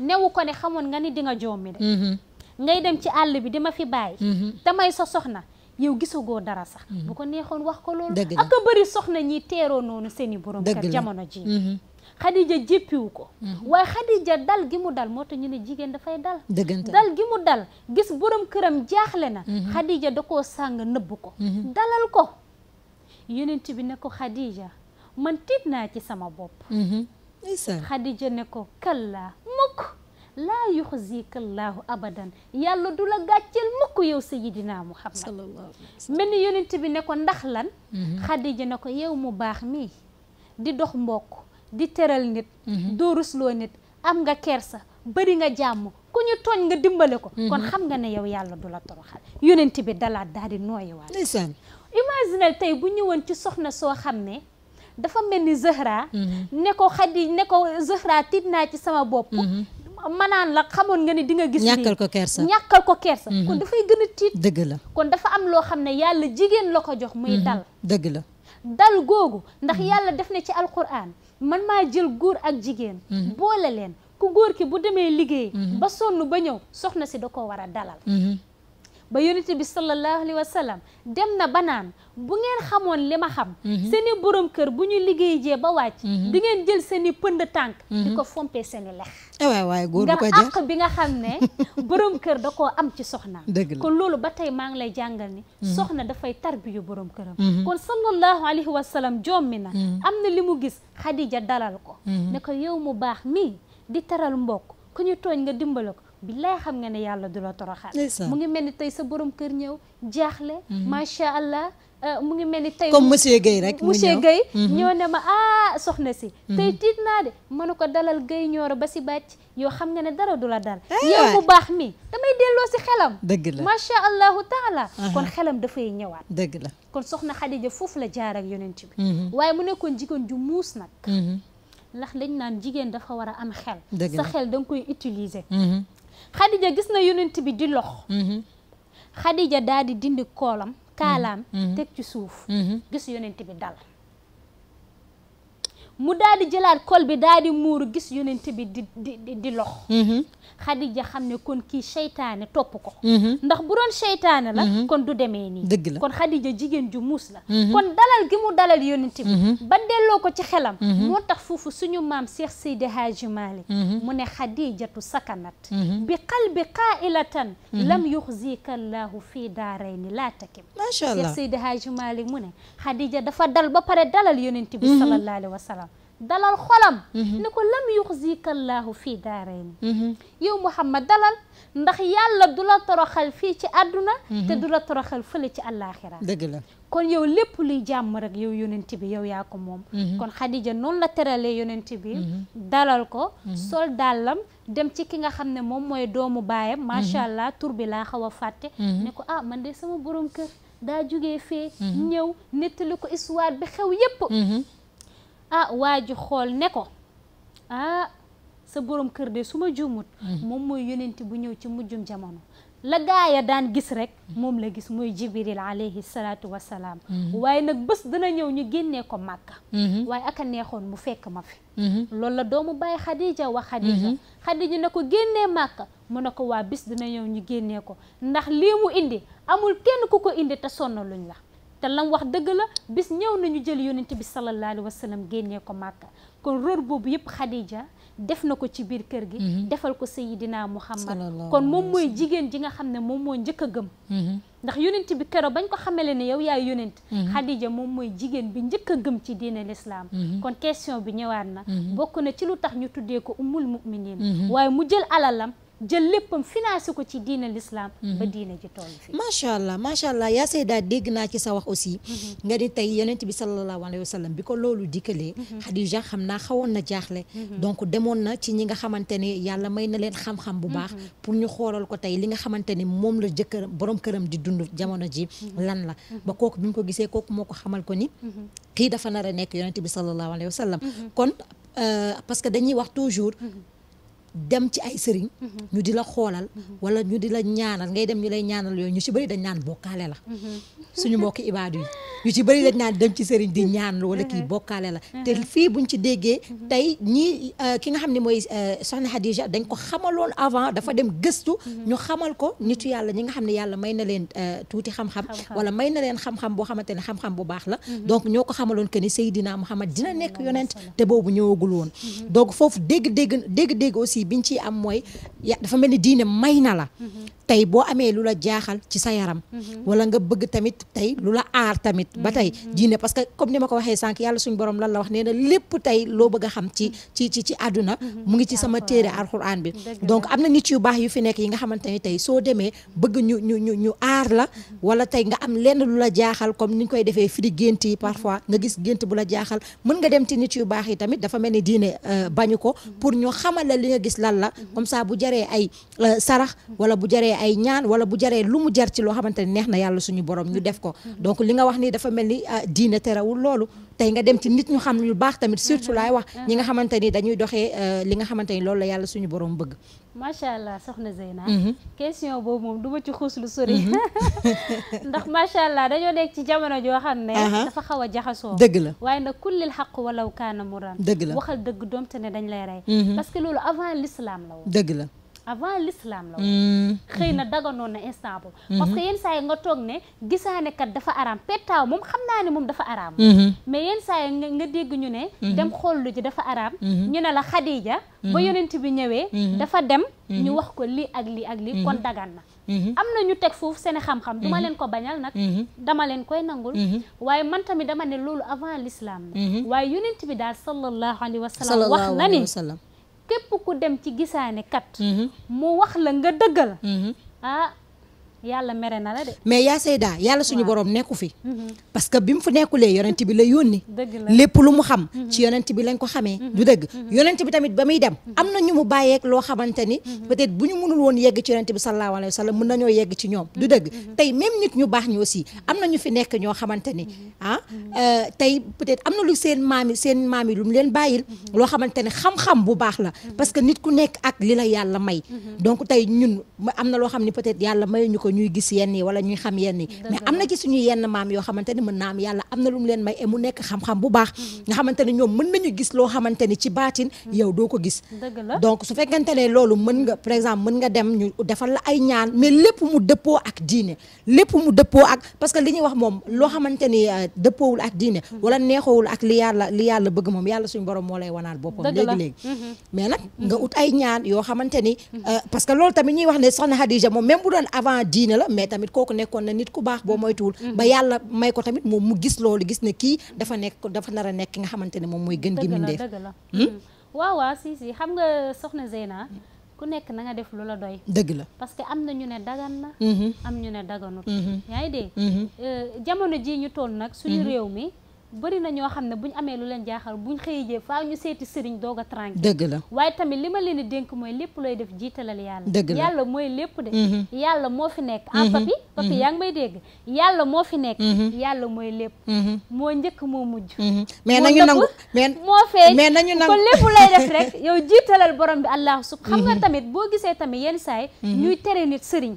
newu ko ne xamoon nga ni dinga nga jommi de mm-hmm. ngay dem ci àll bi di ma fi bàyyi mm-hmm. te may sa soxna yow gisugoo dara sax mm-hmm. bu ko neexoon wax ko loolu ak bari soxna ñi teeroo noonu seeni borom kër jamono ji Khadija jéppiwu ko waaye Khadija dal gi mu dal moo tax ñu ne jigéen dafay dal dal gi dal gis borom këram jaaxle na Khadija da koo sàng nëbb ko dalal ko yonent bi ne ko Khadija man tiit naa ci sama bopp Xadija ne ko kalla mukk laa yuxzika llaahu abada yàlla du la gàcceel mukk yow sa sayidina Muhammad mel ni yonent bi ne ko ndax lan mhm. Xadija ne ko yow mu baax mii di dox mbokk di tëral nit mhm. doo nit am nga kersa bari nga jàmm ku ñu tooñ nga dimbale ko mhm. kon xam nga ne yow yàlla du la toroxal yonent bi dalaat daal di nooyewaat ndeysaan tey bu ñëwoon ci soxna soo xam ne dafa mel ni Zahra. Mm-hmm. ne ko Xadi ne ko Zahra tiit naa ci sama bopp. Mm-hmm. manaan la xamoon nga ni di nga gis ñàkkal ko kersa ñàkkal ko kersa mm-hmm. kon dafay gën a tiit dëgg la kon dafa am loo xam ne yàlla jigéen la ko jox muy dal dëgg la dal googu ndax yàlla def na ci alquran man maa jël góor ak jigéen boole leen ku góor ki bu demee liggéey ba sonn ba ñëw soxna si da ko war a dalal ba yonent bi sallallahu alayhi wa sallam dem na ba naan bu ngeen xamoon li ma xam mhm. seeni borom kër bu ñuy liggéey jee ba wàcc mhm. di ngeen jël seeni pënd tànk di mhm. ko fompee seeni lex eh waay waay góor du ko bi nga xam ne (laughs) borom kër da koo am ci soxna dëgg la kon loolu ba tey maa ngi lay jàngal ni soxna dafay tarbiyu borom këram kon sallallahu alayhi wa sallam jommi na am na li mu gis Xadija dalal ko ne ko yow mu baax mii di teral mbokk ku ñu tooñ nga dimbale ko billaay xam nga ne yàlla du la toroxal mu ngi mel ni tey sa borom kër ñëw jaaxle mhm. macha allah euh, mu ngi mel ni tey comme monsieur Guèye rek monsieur Guèye mhm. ñoo ne ma ah soxna si mhm. tey tiit naa de mënu ko dalal Guèye ñooro ba si bàcc yow xam nga ne dara du la dal eh, yow mu baax mi damay delloo si xelam dëgg la macha allahu taala kon xelam dafay ñëwaat dëgg la kon soxna Xadija foofu la jaar ak yonent bi waaye mu nekkoon jigéen ju muus nag ndax dañ naan jigéen dafa war a am xel sa xel da nga koy Khadija gis na yonent bi di lox mm-hmm. Khadija daal dindi koolam kaalaam mm-hmm. teg ci suuf mm-hmm. gis yonent bi dal mu daal di jëlaat kol bi daal di muuru gis yonent bi di di di lox mhm. Xadija xam ne kon kii seytaane topp ko mhm. ndax bu doon seytaane la mhm. kon du demee nii dëgg la kon Xadija jigéen ju muus la kon dalal gi mu dalal yonent bi ba delloo ko ci xelam moo tax foofu suñu maam Cheikh Seydi Hadji Malick mu ne Xadijatu sakanat bi qalbi qaa'ilatan lam yuxzika allahu fii daarayni laa takib macha allah Cheikh Seydi Hadji Malick mu ne Xadija dafa dal ba pare dalal yonent bi sallallahu alayhi dalal xolam mhm. ne ko lam yuxzika llaahu fii daarayni mhm. yow Muhammad dalal ndax yàlla du la toroxal fii ci àdduna mhm. te du la toroxal fële ci àllaaxira la kon yow lépp luy jàmm rek yow yonent bi yow yaa ko moom kon Xadija noonu la teralee yonent bi dalal ko sol dàllam dem ci ki nga xam ne moom mooy doomu baayam macha allah tur laa xaw a fàtte ne ko ah man de sama borom kër daa jógee fee ñëw nettali ko histoire bi xew yépp ah waa ji xool ne ko ah sa boroom kër de su ma juumut mm. moom mooy yonent bu ñëw ci mujjum jamono la gaaya daan gis rek mm. moom la gis mooy jibril alayhi salaatu wasalaam mm-hmm. waaye nag bés dana ñëw ñu génnee ko màkka mm-hmm. waaye aka neexoon mu fekk ma fi mm-hmm. loolu la doomu bàyyi xadija wax xadija xadija ne ko génnee màkk mu ne ko waa bés dina ñëw ñu génnee ko ndax lii mu indi amul kenn ku ko indi te sonn luñ la te lam wax dëgg la bis ñëw nañu jël yonent bi sallallahu alayhi wa sallam génnee ko màkka kon rôle boobu yëpp Khadija def na ko ci biir kër gi mhm. defal ko Seydina Muhammad kon moom mooy jigéen ji nga xam ne moom moo njëkk gëm mhm. ndax yonent bi keroog bañ ko xamale ne yow yaay yonent mhm. Khadija moom mooy jigéen bi njëkk a gëm ci diine l'islam kon question bi ñëwaat na bokk na ci lu tax ñu tuddee ko ummul muminin waaye mu jël alalam jël léppam financé ko ci diina l'islam ba mhm. diina ji toll fii macha allah macha allah yaa Seyda dégg naa ci sa wax aussi mhm. nga di tey yonent bi sallallahu alayhi wa sallam bi ko loolu dikkalee mhm. na jaaxle donc demoon na ci ñi nga xamante ne yàlla may na xam bu baax pour ñu xoolal ko tay li nga xamante ne moom la jëkkër borom këram di dund jamono ji lan la ba kooku bi mu ko gisee kooku moo ko xamal ko ni kii dafa nar a nekk yonent bi sallallahu alayhi wa sallam kon euh, parce que dañuy wax toujours dem ci ay sëriñ. Mm-hmm. ñu di la xoolal. Mm-hmm. wala ñu di la ñaanal ngay dem ñu lay ñaanal yooyu ñu ci bëri dañ naan bokkaale la. Mm-hmm. suñu mbokki ibaadu yi. yu ci bëri dañ naan dem ci sëriñ di ñaan wala kii mhm. bokkaale la mhm. te fii bu ñu ci déggee mhm. tey ñii euh, ki nga xam ne mooy euh, soxna Xadija dañ ko xamaloon avant dafa dem gëstu ñu xamal ko nitu yàlla ñi nga xam ne yàlla may na leen euh, tuuti xam-xam wala may na leen xam-xam boo xamante ne xam bu baax la donc ñoo ko xamaloon que ni Seydina Muhammad dina nekk yonent te boobu ñëwagul woon donc foofu dégg-dégg dégg-dégg aussi biñ ciy am mooy dafa mel ni diine may na la tey boo amee lu la jaaxal ci sa yaram mhm. wala nga bëgg tamit tey lu la aar tamit ba tey diine mhm. parce que comme ni ma ko waxee sànq yàlla suñ borom lan la wax nee na lépp tey loo bëgg a xam ci ci ci ci àdduna mhm. mu ngi ci sama téere alxuraan bi donc am na nit yu baax yu fi nekk yi nga xamante ni tey demee bëgg ñu ñu ñu ñu aar la wala tey nga am lenn lu la jaaxal comme ni ñu koy defee firi gént yi parfois nga gis gént bu la jaaxal mën nga dem ci nit yu baax yi tamit dafa mel ni diine euh, bañu ko pour ñu xamal la li nga gis lan la comme ça bu jaree ay euh, sarax wala bu jaree ay ñaan wala bu jaree lu mu jar ci loo xamante ne neex na yàlla suñu borom ñu def ko mm-hmm. donc li nga wax ni dafa mel ni ah, diine terewul loolu tey nga dem ci nit ñu xam lu baax tamit surtout laay wax mm-hmm. ñi nga xamante ni dañuy doxee euh, li nga xamante ni loolu la yàlla suñu borom bëgg macha allah soxna Zeyna mm-hmm. question boobu moom du ma ci xuus lu sori (laughs) ndax macha allah dañoo nekk ci jamono joo xam ne uh-huh. dafa xaw a jaxasoo dëgg la waaye nag kullil xaq walaw kaana muran dëgg la waxal dëgg doom te ne dañ lay rey parce que loolu avant l'islam la woon dëgg la avant lislaam la woon mm. xëy na daganoon na instant boobu mm-hmm. parce que yenn saa yi nga toog ne gisaane kat dafa araam pettaaw moom xam naa ne moom dafa araam mm-hmm. mais yenn saa yi nga dégg ñu ne mm-hmm. dem xool lu ji dafa araam ñu ne la Xadija ba yonent bi ñëwee dafa dem ñu wax ko lii ak lii ak lii kon dagan na am na ñu teg foofu seen xam-xam duma leen ko bañal nag dama leen koy nangul waaye man tamit dama ne loolu avant l'islam la waaye yonent bi daal sallallahu alayhi wa sallam wax na ni képp ku dem ci gisaane kat. Mhm. mu wax la nga dëggal. Mhm. ah yàlla mere na la de. mais yaa sayda yàlla suñu boroom nekku fi. Mhm. parce que bi mu fi nekkulee yonent bi la yónni. lépp lu mu xam. Mhm. ci yonent bi lañ ko xamee. Mhm. du dëgg yonent bi tamit ba muy dem. am na ñu mu bàyyeeg loo xamante ni. être bu ñu mënul woon yegg ci yonent bi sallallahu alayhi wa sallam mën nañoo yegg ci ñoom. du dëgg tey même nit ñu baax ñi aussi am na ñu fi nekk ñoo xamante ni ah euh, tey peut-être am na lu seen maam yi seen maam yi lu mu leen bàyyil. loo xamante ni xam-xam bu baax la. parce que nit ku nekk ak li la yàlla may. donc tey ñun am na loo xam ni peut-être yàlla may ñu ko ko ñuy gis yenn yi wala ñuy xam yenn yi mais am na ci suñu yenn maam yoo xamante ne mën naa am yàlla am na lu leen may mu nekk xam-xam bu baax mm-hmm. nga xamante ñoom mën nañu gis loo xamante ci baatin mm-hmm. yow doo ko gis donc su fekkente ne loolu mën nga par exemple mën nga dem defal la ay ñaan mais lépp mu dëppoo ak diine lépp mu dëppoo ak parce que li ñuy wax moom loo xamante ni euh, dëppoowul ak diine mm-hmm. wala neexowul ak li yàlla li yàlla bëgg moom yàlla suñu borom moo lay wanaal boppam léegi-léegi mais nag nga ut ay ñaan yoo diine la mais tamit kooku nekkoon na nit ku baax boo moytuwul mhm. ba yàlla may ko tamit moom mu gis loolu gis ne kii dafa nekk dafa nar a nekk nga xamante ne moom mooy gën gi mindeef hmm? hmm. waaw si si xam nga soxna Zeyna ku nekk na def lu la doy dëgg la parce que am na ñu ne dagan na mhm. am ñu ne daganut mhm. yaa ngi euh, jamono ji ñu toll nag suñu réew mi bari na ñoo xam ne bu ñu amee lu leen jaaxal bu ñu xëyee jee faaw ñu seeti sëriñ doog a tranquille dëgg la waaye tamit li ma leen di dénk mooy lépp looy def jiitalal yàlla dëgg la yàlla mooy lépp de mm-hmm. yàlla moo fi nekk ah mm-hmm. papi mm-hmm. dégg yàlla moo fi nekk yàlla mooy lépp moo njëkk moo mujj mais nañu nangu mais moo feeñ mais nañu nangu kon lépp lay def rek (laughs) yow jiitalal borom bi allah sub xam nga tamit boo gisee tamit yenn saay ñuy tere nit sëriñ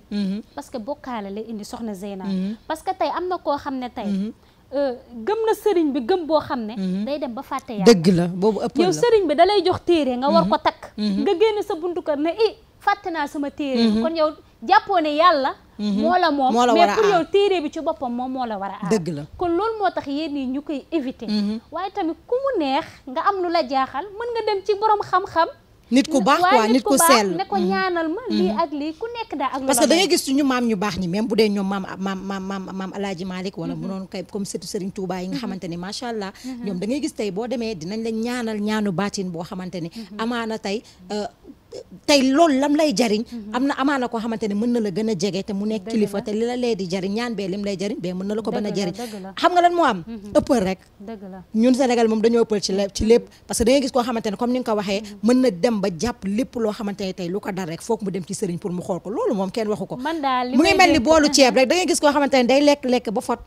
parce que bokkaale la indi soxna Zeyna parce que tey am na koo xam ne tey Euh, gëm na sëriñ bi gëm boo xam ne. Mhm. day dem ba fàtte yàlla. dëgg la boobu ëpp la yow sëriñ bi da lay jox téere nga war ko mhm. takk. Mhm. nga génn sa buntu kër ne i fàtte naa sama téere. kon yow jàppoo ne yàlla. moo la moom mais pour yow téere bi ci boppam moom moo la war a aar dëgg la kon loolu moo tax yéen yi ñu koy éviter. waaye tamit ku mu neex nga am lu la jaaxal mën nga dem ci borom xam-xam. nit ku baax waa nit ku sell ne ko ñaanal ma lii mm-hmm. ak lii ku nekk daa ak parce que da ngay gis suñu maam ñu baax ñi même bu dee ñoom maam maam maam maam maam alaaji Malick wala mu noonu mm-hmm. kay comme surtout Serigne Touba yi nga mm-hmm. xamante ne macha allah ñoom da ngay gis tey boo demee dinañ la ñaanal ñaanu baatin boo xamante ne amaana tey euh, tey loolu lam lay jariñ mhm. amaana koo xamante mën na la gën a jege mu nekk kilifa te li la lee di jariñ ñaan bee lim jariñ bee mën na la ko bën a jariñ xam nga lan moo am mhm. rek ñun Sénégal moom dañoo ëppal ci ci mhm. lépp parce que gis koo xamante ne comme ni nga mën na dem ba jàpp lépp loo xamante tey lu ko rek foog mu dem ci sëriñ pour mu xool ko loolu moom kenn waxu ko mu ngi mel ni boolu ceeb rek da gis koo xamante day lekk lekk ba fot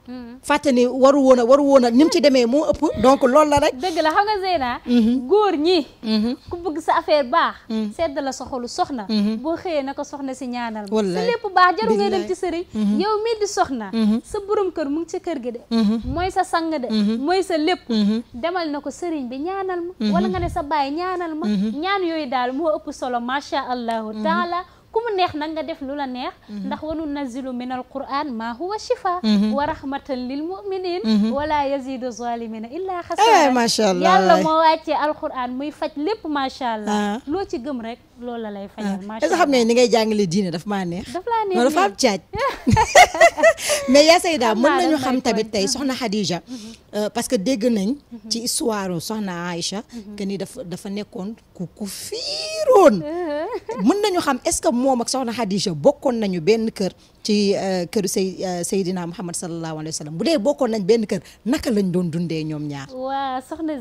sedd la sa xolu soxna mhm. boo xëyee na ko soxna si ñaanal ma si lépp baax jaru ngay dem ci sëriñ mhm. yow mii di soxna mhm. sa borom kër mu ngi ci kër gi de mooy sa sang de mooy sa lépp demal na ko sëriñ bi ñaanal ma wala nga sa baay ñaanal ma ñaan yooyu daal moo ëpp solo macha allahu taala ku mu neex nag nga def lu la neex mhm. ndax wanu nazilu min al quran maa huwa shifa mhm. wa rahmatan lil muminin mhm. wala yazidu zalimina illa eh, xasara macha allah yàlla moo wàccee alquran muy faj lépp macha allah ah. loo ci gëm rek loolu la lay fayal ah. macha allah xam ne ni ngay jàngale diine daf maa neex. am caaj. (laughs) mais yaa Seyda mën xam tamit tey mhm. soxna Khadija. Mhm. Euh, parce que dégg nañ. Mhm. ci histoire soxna Aïcha. dafa dafa nekkoon ku ku fiiroon. (laughs) mën nañu xam est-ce que moom ak soxna Khadija bokkoon nañu benn kër ci euh, këru Sey euh, Seydina Muhammad sallallahu alayhi wa sallam bu dee bokkoon nañ benn kër naka lañ doon dundee ñoom ñaar. waa soxna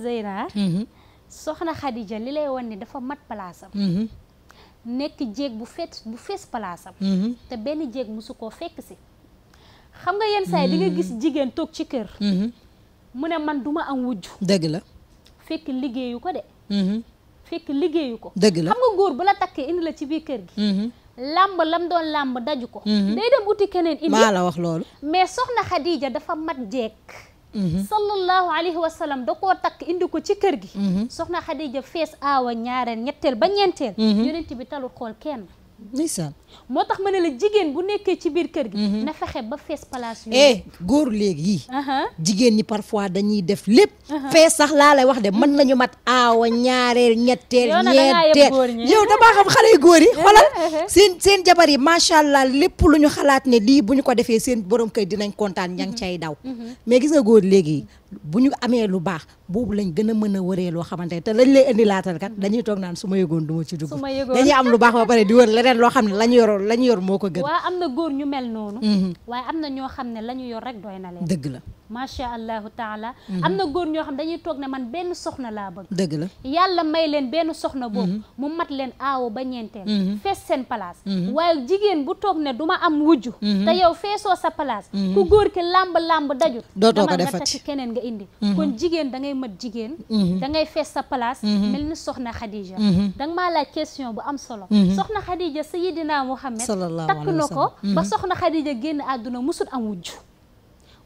li lay wan ni dafa mat palaasam. nekk jéeg bu fet bu fees palaasam mm-hmm. te benn jéeg mosu koo fekk si xam nga yenn saa yi nga mm-hmm. gis jigéen toog ci kër mm-hmm. mu ne man duma am wujj dëgg la fekk liggéeyu ko de fekk liggéeyu ko dëgg la xam nga góor bu la takkee indi la ci biir kër gi làmb lam doon làmb daju ko day dem uti keneen indi maa la wax loolu mais soxna Xadija dafa mat jeeg Mm-hmm. sallallahu alayhi wa sallam da koo takk indi ko ci kër gi mm-hmm. soxna Xadija fees aawa ñaareel ñetteel ba ñeenteel mm-hmm. yonent bi talu xool kenn ndeysaan moo tax ma ne la jigéen bu nekkee ci biir kër gi. Mhm. na fexe ba fees palaas yooyu. Eh, góor léegi yii. jigéen ñi parfois dañuy def lépp. fees sax laa lay wax de mën nañu mat aawa ñaareel ñetteel. ñeenteel yow damaa xam xale yu góor yi xoolal seen seen jabar yi macha allah lépp lu ñu xalaat ne lii bu ñu ko defee seen borom kër dinañ kontaan ña mhm. cay daw. Mhm. mais gis nga góor léegi bu ñu amee lu baax boobu lañ gën a mën a wëree loo xamante ne te lañ lay indilaatal laatal kat dañuy toog naan su ma yëgoon du ma ci dugg dañuy am lu baax ba pare di wër leneen loo xam ne la ñu yor la ñu yor moo ko gën waaw am na góor ñu mel noonu mhm. waaye am na ñoo xam ne la ñu yor rek doy na leen dëgg la macha allahu taala. Mhm. am na góor ñoo xam dañuy toog ne man benn soxna laa bëgg. dëgg la yàlla may leen benn soxna boobu. Mhm. mu mat leen aawo ba ñeenteel. Mhm. fees seen place. waaye jigéen bu toog ne du ma am wujju. te yow feesoo sa place. ku góor ki làmb làmb daju. dootoo ko defati dama nga takk keneen nga indi. kon jigéen da ngay mat jigéen. da ngay fees sa place. mel ni soxna Khadija. da nga maa laaj question bu am solo. soxna Khadija sayidina Muhammad. sallallahu alayhi wa sallam takk na ko ba soxna Khadija génn àdduna musul am wujju.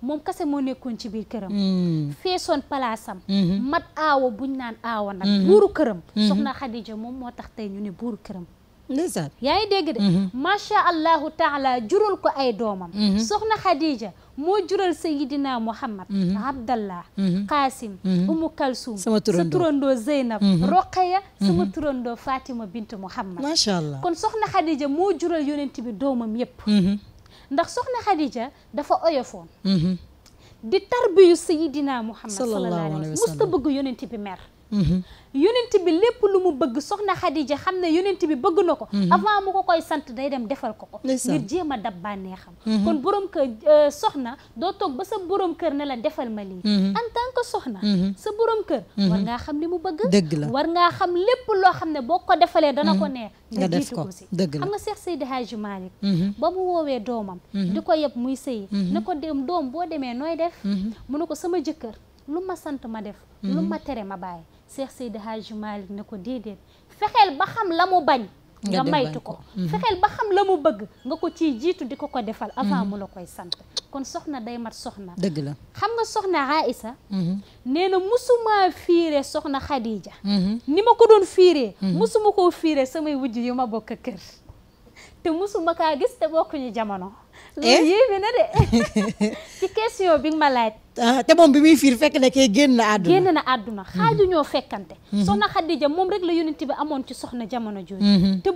moom kase moo nekkoon ci biir këram mm. feesoon palaasam mm-hmm. mat aawo buñ naan aawo nag mm-hmm. buuru këram mm-hmm. soxna Xadija moom moo tax tey ñu ne buuru këram ndeysaan yaa ngi dégg de macha allahu taala jural ko ay doomam soxna Xadija moo jural sayidina Muhammad Abdallah Qasim Umu Kalsum sama turandoo Zeynab Roqaya sama turandoo Fatima bint Muhammad macha allah kon soxna Xadija moo jural yonent bi doomam yépp ndax soxna Khadija dafa oyofoon. Mm-hmm. di tarbiyu Seydina Muhammad sallallahu alayhi wa sallam musta bëgg yonent bi mer. Mm-hmm. yonent bi lépp lu mu bëgg soxna Xadija xam ne yonent bi bëgg na ko mm-hmm. avant mu ko koy sant day dem defal ko ko ngir jéem a dab bànneexam mm-hmm. kon borom kër euh, soxna doo toog ba sa borom kër ne la defal ma lii en tant soxna sa borom kër war ngaa xam li mu bëgg dëgg la war ngaa xam lépp loo xam ne boo ko defalee dana ko neex nga jiitu ko si dëgg la xam Seex Seydi Haaji Maalik ba mu woowee doomam di ko yëpp muy sëyi ne ko dem doom boo demee nooy def mu ne ko sama jëkkër lu ma sant ma def lu ma tere ma bàyyi Cheikh Seydi Hadji ne ko déedéet fexeel ba xam la mu bañ nga maytu ko mhm. fexeel ba xam la mu bëgg nga ko ci jiitu di ko ko defal avant mhm. mu la koy sant kon soxna day mat soxna dëgg la xam nga soxna Aïssa mhm. nee na musuma fiire soxna Khadija ni ma ko doon fiiree musuma koo fiiree samay wujj yu ma bokk kër te musuma kaa gis te bokkuñu jamono Eh? loolu (laughs) yéeme na de ci question bi nga ma laaj te moom bi muy fiir fekk na kay génn na àdduna génn na xaaju mm-hmm. ñoo fekkante mm-hmm. soxna Xadija moom rek la yonent bi amoon ci soxna jamono jooju mm-hmm. te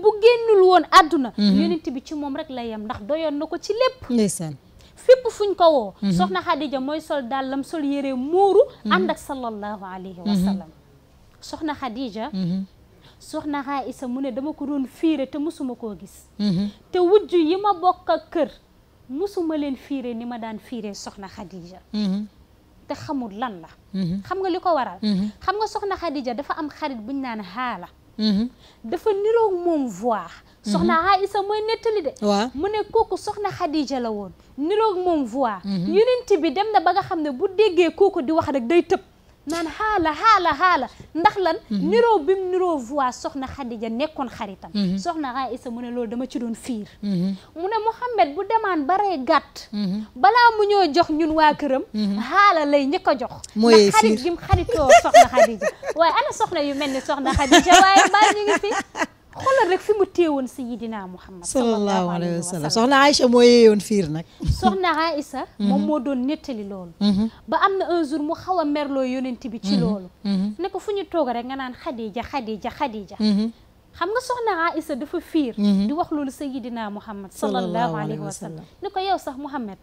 àdduna yonent ci moom rek la yem ndax doyoon na ko ci lépp ndeysaan fépp fuñ ko woo soxna Xadija mooy sol dàllam sol yére muuru ànd ak sallallahu alayhi wa sallam soxna Xadija soxna Aïssa mu ne dama ko doon fiire te mosuma koo gis te wujj yi ma bokk kër musuma leen fiire ni ma daan fiire soxna Khadija mhm. te xamul lan la mhm. xam nga li ko waral mhm. xam nga soxna Khadija dafa am xarit buñ naan xaala dafa niroog moom voir soxna Aïssa mooy nettali de mu ne kooku soxna Khadija la woon niroog moom voir yonent bi dem na ba nga xam ne bu déggee kooku di wax rek day tëb naan xaala xaala xaala ndax lan mhm. niroo bi mu niro voix soxna Xadija nekkoon xaritam mhm. soxna Aïssa mu ne loolu dama ci doon fiir mhm. mu ne Mouhamed bu demaan baree gàtt balaa mu ñoo jox ñun waa këram xaala lay njëkk a jox ndax xarit gi mu xaritoo soxna Xadija waaye ana soxna yu mel ni soxna Xadija waaye mbaa ñu ngi fi (laughs) xoolal rek fi mu téewoon sayidina Muhammad sallallahu alayhi wa sallam soxna Aïcha moo yeeyoon fiir nag soxna Aïcha (laughs) moom mhm. moo doon nettali loolu mhm. ba am na un mu xaw a merloo yonent bi ci mhm. loolu ne ko fu ñu toog rek nga naan Xadija Xadija Xadija xam nga soxna Aïcha dafa fiir di wax loolu sayidina Muhammad sallallahu alayhi wa sallam ne ko yow sax Muhammad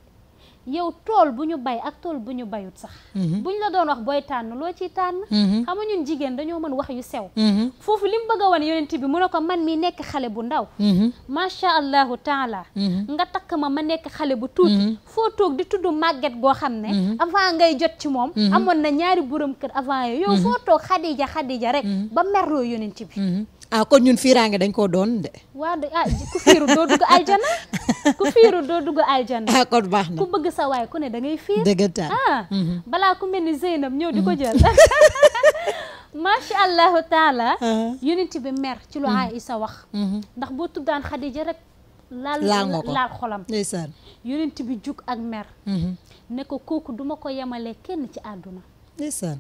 yow tool bu ñu bay ak tool bu ñu bayut sax bu mm-hmm. buñ la doon wax booy tànn loo ciy tànn mm-hmm. xam jigéen dañoo mën wax yu sew mm-hmm. foofu li mu bëgg a wane yonent bi mu ne ko man mii nekk xale bu ndaw macha allahu taala nga takk ma ma nekk xale bu tuuti foo toog di tudd màgget goo xam ne avant ngay jot ci moom amoon na ñaari borom kër avant yow yow foo toog xadija xadija rek ba merloo yonent bi ah kon ñun fiiraange dañ koo doon de. waaw de ah ku fiiru doo dugg aljana ku ah, baax na ku bëgg sa waay ku ne da fiir. Ah, mhm. balaa ku mel ni Zeynab ñëw di ko mhm. jël. (laughs) macha allahu taala. Uh-huh. yonent bi mer ci lu mhm. Aïssa wax. ndax boo tuddaan Xadija rek. laal laal xolam ndeysaan yonent bi jug ak mer. ne ko kooku duma ko yemale kenn ci àdduna. ndeysaan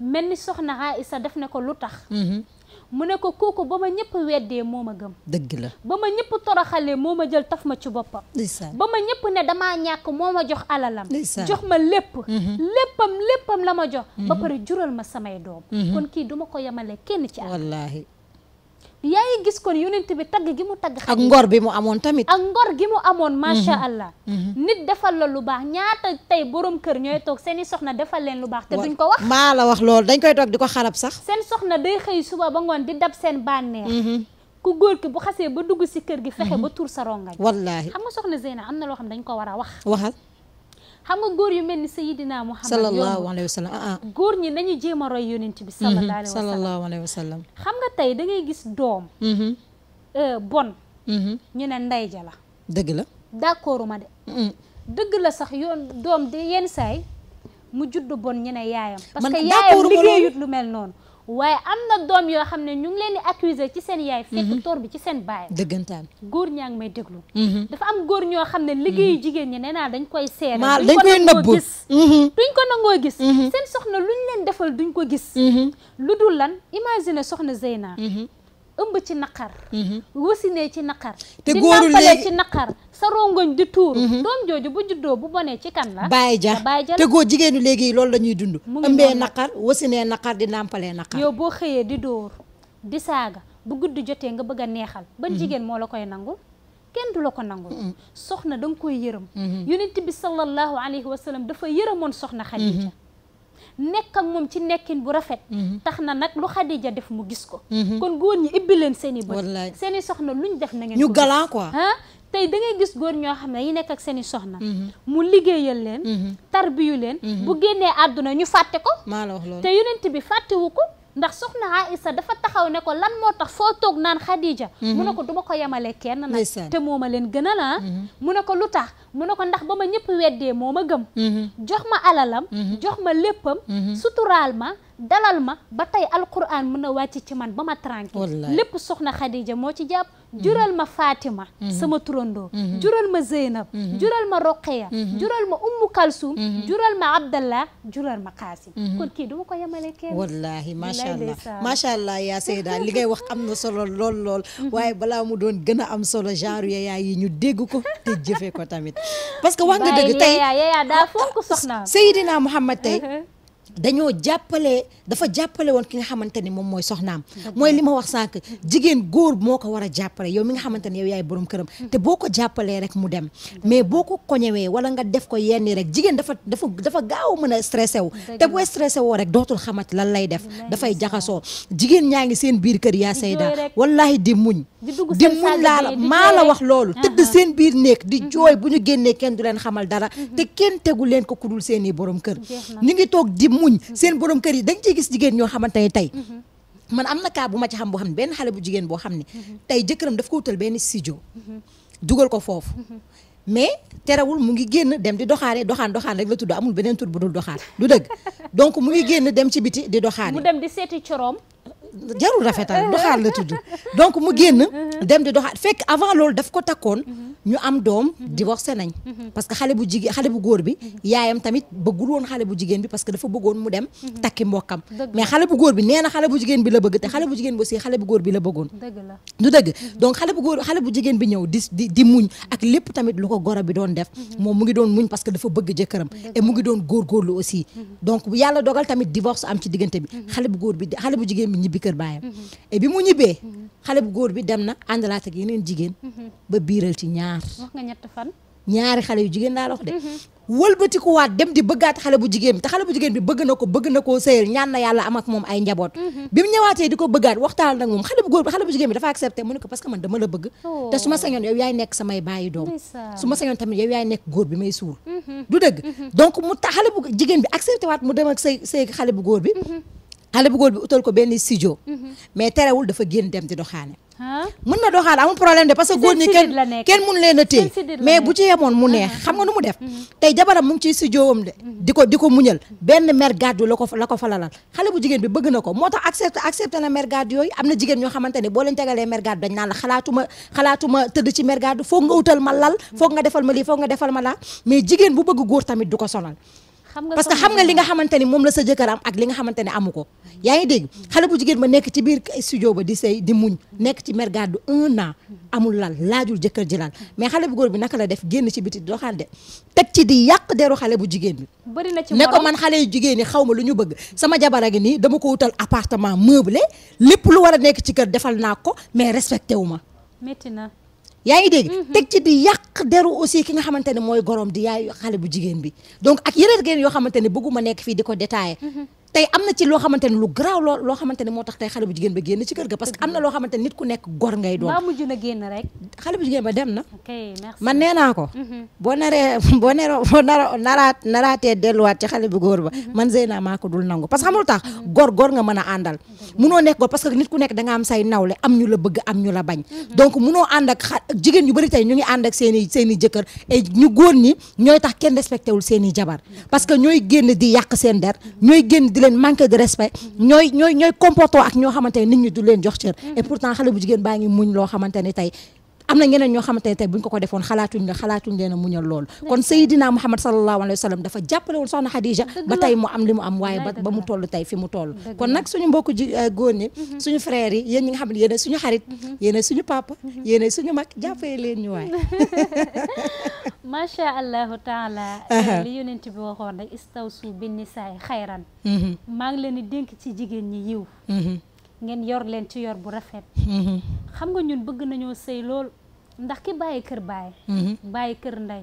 mel ni soxna Aïssa def ne ko lu tax. mu ne ko kooku ba ma ñëpp weddee moo ma gëm dëgg la ba ma ñëpp toroxalee moo ma jël taf ma ci boppam ba ma ñëpp ne damaa ñàkk moo ma jox alalam jox ma lépp mhm. léppam léppam la ma jox ba mhm. pare jural ma samay doom mhm. kon kii duma ko yemale kenn ci am yaa ngi gis kon yonent bi tagg gi mu tagg ak ngor bi mu amoon tamit ak ngor gi mu amoon macha mhm. allah mhm. nit defal la lu baax ñaata tey borom kër ñooy toog seen i soxna defal leen lu baax te duñ ko wax maa la wax loolu dañ koy toog di ko xarab sax seen soxna day xëy suba ba ngoon di dab seen bànneex mhm. ku góor ki bu xasee ba dugg si kër gi fexe ba tur sa rongañ wallaahi xam nga soxna Zeyna am na loo xam dañ ko war a wax waxal xam nga góor yu mel ni sayidina Muhammad sallallahu alayhi wa sallam ah, ah. góor ñi nañu jéem a roy yonent bi mhm. sallallahu alayhi wa sallam xam nga tey da gis doom mhm. euh, bon mhm. ñu ne ndey ja la dëgg la d'accord ma de dëgg la sax yoon doom de yenn saay mu judd bon ñu ne yaayam parce que yaayam liggéeyut lu mel noonu waaye am na doom yoo xam ne ñu ngi leen di accuser ci seen yaay fekk mhm. toor bi ci seen baay dëggantaan góor ñaa ngi may déglu mhm. dafa am góor ñoo xam ne liggéeyu mhm. jigéen ñi nee naa dañ koy seere dañ koy nëbbu gis duñ ko nangoo gis seen soxna luñ leen defal duñ ko gis lu dul lan imagine soxna Zeyna ëmb ci naqar wasine ci naqar te góoru léegi ci naqar sa rongoñ di tuuru mhm. doom jooju bu juddoo bu bonee ci kan la bàyyi ja bàyyi ja te góor jigéenu léegi loolu la ñuy dund ëmbee naqar wasinee naqar di nàmpalee naqar yow boo xëyee di door di saaga bu gudd jotee nga bëgg a neexal ban mhm. jigéen moo la koy nangu kenn du la ko nangul mhm. soxna danga nga koy yërëm yonent bi sallallahu alayhi wa sallam dafa yërëmoon soxna Xadija nekk ak moom ci nekkin bu rafet tax na nag lu Xadija def mu gis ko kon góor ñi ibbi leen seen i bët seen i soxna luñ def na ñu galant quoi tey da gis góor ñoo xam ne yi nekk ak seeni soxna mhm. mu liggéeyal leen mhm. tarbiyu leen mhm. bu génnee àdduna ñu fàtte ko maa te yonent bi fàttewu ko ndax soxna Aïssa dafa taxaw ne ko lan moo tax foo toog naan Khadija mu ne ko du ma ko yemale kenn nag te moom ma leen gënal ah mu ne ko lu tax mu ne ko ndax ba ma ñëpp weddee moo ma gëm jox ma alalam jox ma léppam suturaal ma dalal ma ba tey alquran mën na wàcc ci man ba ma tranquille lépp soxna Khadija moo ci jàpp jural ma Fatima mhm. sama turandoo mhm. jural ma Zeynab mhm. jural ma Roqeya jural ma Ummu Kalsum jural ma Abdallah jural ma Qaasim kon kii du ma ko yemale kenn wallahi macha allah macha Seyda li ngay wax am na solo lool lool waaye balaa mu doon gën a am solo genre (laughs) yaay yi ñu dégg ko te jëfe ko tamit parce que wax nga dëgg tey yaaya daa Seydina Muhammad tey (laughs) uh-huh. dañoo jàppale dafa jàppale woon ki nga xamante ni moom mooy soxnaam mooy li ma wax sànq jigéen góor moo ko war a jàppale yow mi nga xamante ni yow yaay borom këram hmm. te boo ko jàppalee rek mu dem mais boo ko koñewee wala nga def ko yenni rek jigéen dafa dafa dafa gaaw man a stressé wu te boo stressé woo rek dootul xamati lan lay def dafay jaxasoo jigéen ñaa ngi seen biir kër yaa sayda wallahi di muñ di muñ laa la maa la wax loolu uh-huh. tëdd seen biir néeg di uh-huh. jooy bu ñu génnee kenn du leen xamal dara uh-huh. te kenn tegu leen ko kudul seen i borom kër ñu ngi toog di muñ seen borom kër yi dañ ciy gis jigéen ñoo xamante ne tey man am na kaa bu ma ci xam boo xam ne benn xale bu jigéen boo xam ne tey jëkkëram daf ko wutal benn studio dugal ko foofu mais terewul mu ngi génn dem di doxaane doxaan doxaan rek la tudd amul beneen tur bu dul doxaan du dëgg (laughs) donc mu ngi génn dem ci biti di doxaane mu dem di seeti coroom jarul rafetal doxaat la tudd donc mu génn dem di doxaat fekk avant loolu daf ko takkoon ñu am doom divorcé nañ parce que xale bu góor bi yaayam tamit bëggul woon bu jigéen bi la bëgg te xale bu jigéen bi aussi xale bu góor bi la bëggoon du dëgg donc xale bu góor xale bu jigéen bi ñëw di di muñ ak lépp tamit lu ko goro bi doon def moom mu ngi doon muñ parce que dafa bëgg jëkkëram et mu ngi doon góorgóorlu aussi donc yàlla dogal tamit divorce am ci diggante kër baayam mhm. et bi mu ñibbee mhm. xale bu góor bi dem na àndalaat ak yeneen jigéen mhm. ba biiral ci ñaar ñaari xale yu jigéen laa la wax de wëlbatikuwaat dem di bëggaat xale bu jigéen bi te na ko bëgg na koo sëyal ñaan na yàlla am dafa accepté mu ne parce que man dama la bëgg oh. te su ma sañoon yow yaay nekk samay bàyyi doom su ma sañoon tamit yow yaay nekk góor bi may suul du dëgg donc mu ta xale bu jigéen bi accepté waat mu dem ak sëy sëy xale bu góor bi xale bu góor bi utal ko benn studio. Mhm. mais terewul dafa génn dem di doxaane. mën na doxaan amul problème de parce que góor ñi kenn kenn mun leen a téye mais bu ci yemoon uh-huh. xam nga nu mu def mhm. tey jabaram mu ngi ciy studio am de mhm. di ko di ko muñal benn mère la ko la ko falalal xale bu jigéen bi bëgg na ko moo tax accepté accepté na mère yooyu am na jigéen ñoo xamante ne boo leen tegalee mère dañ naan la xalaatuma xalaatuma tëdd ci mère gàddu foog nga utal ma lal foog nga defal ma lii foog nga defal ma laa mais jigéen bu bëgg góor tamit du ko sonal parce que xam nga li nga xamante ni moom la sa jëkkër am ak li nga xamante ne amu ko yaa ngi dégg xale bu jigéen ba nekk ci biir studio ba di sëy di muñ nekk ci mer gàddu un an amul lal laajul jëkkër ji lal mais xale bu góor bi naka la def génn ci biti doxaan de teg ci di yàq deru xale bu jigéen bi bëri na ci ne man xale yu jigéen yi xaw ma lu ñu bëgg sama jabar a ngi nii dama ko wutal appartement meublé lépp lu war a nekk ci kër defal naa ko mais respecté wu ma métti na yaa ngi dégg. Mhm. teg ci di yàq deru aussi ki nga xamante ne mooy gorom di yaay xale bu jigéen bi donc ak yeneen yoo xamante ne bëgguma nekk fii di ko détaillé. Mhm. tey am na ci loo xamante ne lu garaaw loo loo xamante ne moo tax tey xale bu jigéen ba génn ci kër ga parce que am na loo xamante ne nit ku dem na man nee naa ko mhm. boo naree boo naree boo nara naraat naraatee delluwaat ci xale bu góor ba mhm. man Zeyna maa ko dul nangu parce que xamul tax mhm. gor gor nga mën a àndal munoo nekk gor parce que nit ku nekk da nga am say nawle am ñu la bëgg am ñu la bañ donc munoo ànd jigéen ñu bëri tey ñu ngi ànd ak seen seen i jëkkër et góor ñi ñooy tax kenn respecté wul seen i jabar parce que ñooy génn di yàq seen der ñooy génn di leen manquer de respect ñooy ñooy ñooy comportement ak ñoo xamante du leen jox cër mm-hmm. pourtant xale bu baa ngi muñ loo xamante ne am na ñeneen ñoo xam ne tey buñ ko ko defoon xalaatuñ la xalaatuñ leen a muñal loolu kon Seydina Muhammad sallallahu alayhi wa sallam dafa jàppale woon soxna Xadija ba tey mu am li mu am waaye ba mu tollu tey fi mu toll kon nag ñu mbokku ji euh, góor ñi mhm. suñu frères yi yéen ñi nga xam ne yéen suñu xarit mhm. yéen suñu papa mhm. yéen suñu mag jàppale leen ñu waay (laughs) macha allahu taala euh, li yonent bi waxoon rek istawsu bin nisaay xayran maa ngi leen di dénk ci jigéen ñi yiw ngeen yor leen ci yor bu rafet xam nga ñun bëgg nañoo sëy lool ndax ki bàyyi kër baay mhm. bàyyi kër ndey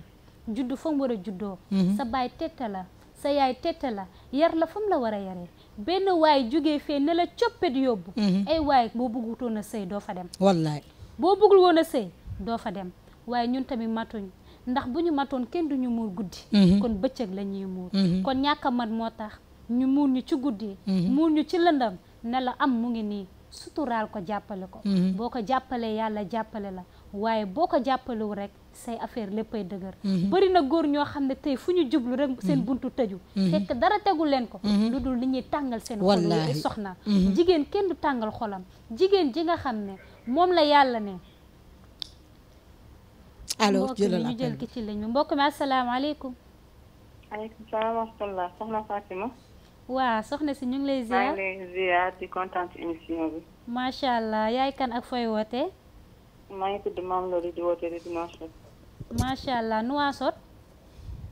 juddu fa mu war a juddoo mhm. sa baay tette la sa yaay tete la yar la fa mu la war a yaree benn waay jóge fee ne la coppet yóbbu mhm. ay waay boo bëggutoon a sëy doo fa dem wallaay boo bëggul woon a doo fa dem waaye ñun tamit matuñ ndax bu ñu matoon kenn duñu muur guddi kon bëccëg la ñuy muur kon ñàkk a mat moo tax ñu muur ñu ci guddi muur ñu ci lëndam ne la am mu ngi nii suturaal ko jàppale ko boo ko jàppalee yàlla jàppale la waaye boo ko jàppalewul rek say affaire léppay dëgër mhm. bëri na góor ñoo xam ne tey fu ñu jublu rek seen mhm. buntu tëju mhm. fekk dara tegul leen ko lu dul li ñuy tàngal seen xol yi soxna jigéen kenn du tàngal xolam jigéen ji nga xam ne moom la yàlla ne alors jëlal ñu jël ki ci ligne bi mbokk mi asalaamaaleykum aleykum salaam wa soxna si ñu ngi lay ziar maa ngi lay di kontaan ci émission bi macha allah yaay kan ak fooy wootee maa ngi tudd Mame Lori di woote di Nouakchott. macha allah Nouakchott.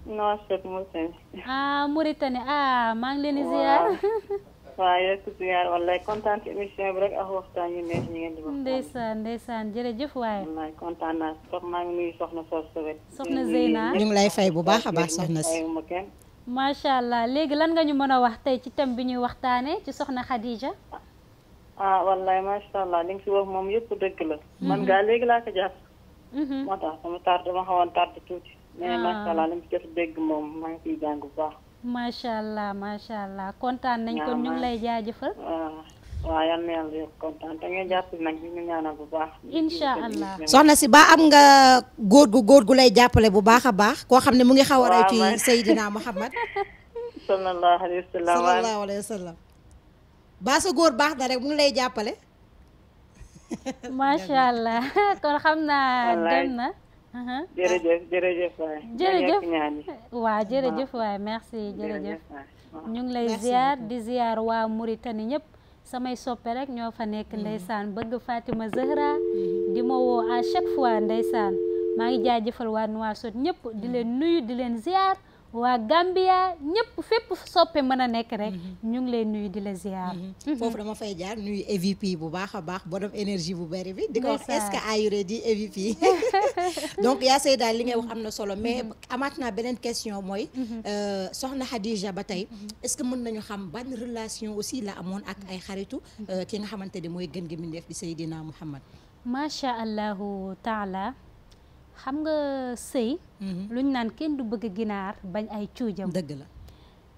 Nouakchott Mauritanie. ah Mauritanie ah maa ngi leen di ziar. waaw kontaan ci rek ak waxtaan ndeysaan ndeysaan jërëjëf waaye. kontaan naa maa ngi nuyu Soxna Sow Sowet. Soxna ñu ngi lay fay bu baax a baax soxna si. macha allah léegi lan nga ñu mën a wax tey ci thème bi ñuy waxtaanee ci Soxna Khadija. ah wallaay macha allah li nga si wax moom yëpp dëgg la. Mhm. man ngaa léegi laa ko jàpp. Mhm. moo tax sama tardé ma xawoon tardé tuuti. mais ah. macha allah li jot dégg moom maa ngi macha allah macha allah kontaan nañ kon ñu ngi lay jaajëfal. waaw yal na yàlla yokk kontaan te ngeen jàpp nag ñu ñaanal bu baax. incha allah soxna si ba am nga góor gu góor gu lay jàppale bu baax a baax koo xam ne mu ngi xaw a rey ci Seydina Muhammad (laughs) sallallahu alayhi wa sallam baa sa góor baax na rek mu ngi lay jàppale. (laughs) macha allah (laughs) kon xam naa dem na. jërëjëf jërëjëf waay. jërëjëf waaw merci jërëjëf. ñu ngi lay ziar di ziar waa Mauritanie ñëpp. samay soppe rek ñoo fa nekk mhm. ndeysaan bëgg Fatima Zahra mhm. di ma woo à chaque fois ndeysaan maa ngi jaajëfal waa Nouakchott ñëpp di leen nuyu di leen ziar. waa Gambia ñëpp fépp soppe mën a nekk rek mhm. ñu ngi leen nuyu di la ziar mhm. Mhm. foofu dama fay jaar nuyu EVP bu baax a baax borom énergie bu bëri bi di ko wax est-ce que (laughs) donc yaa Seyda li ngay wax am na solo mais amaat naa beneen question mooy euh, soxna Khadija ba tey est-ce que mën nañu xam ban relation aussi la amoon ak ay xaritu euh, ki nga xamante ne mooy gën gi mbindeef bi Seydina Muhammad macha allahu taala xam nga sëy mhm. ñu naan kenn du bëgg ginaar bañ ay cuujam dëgg la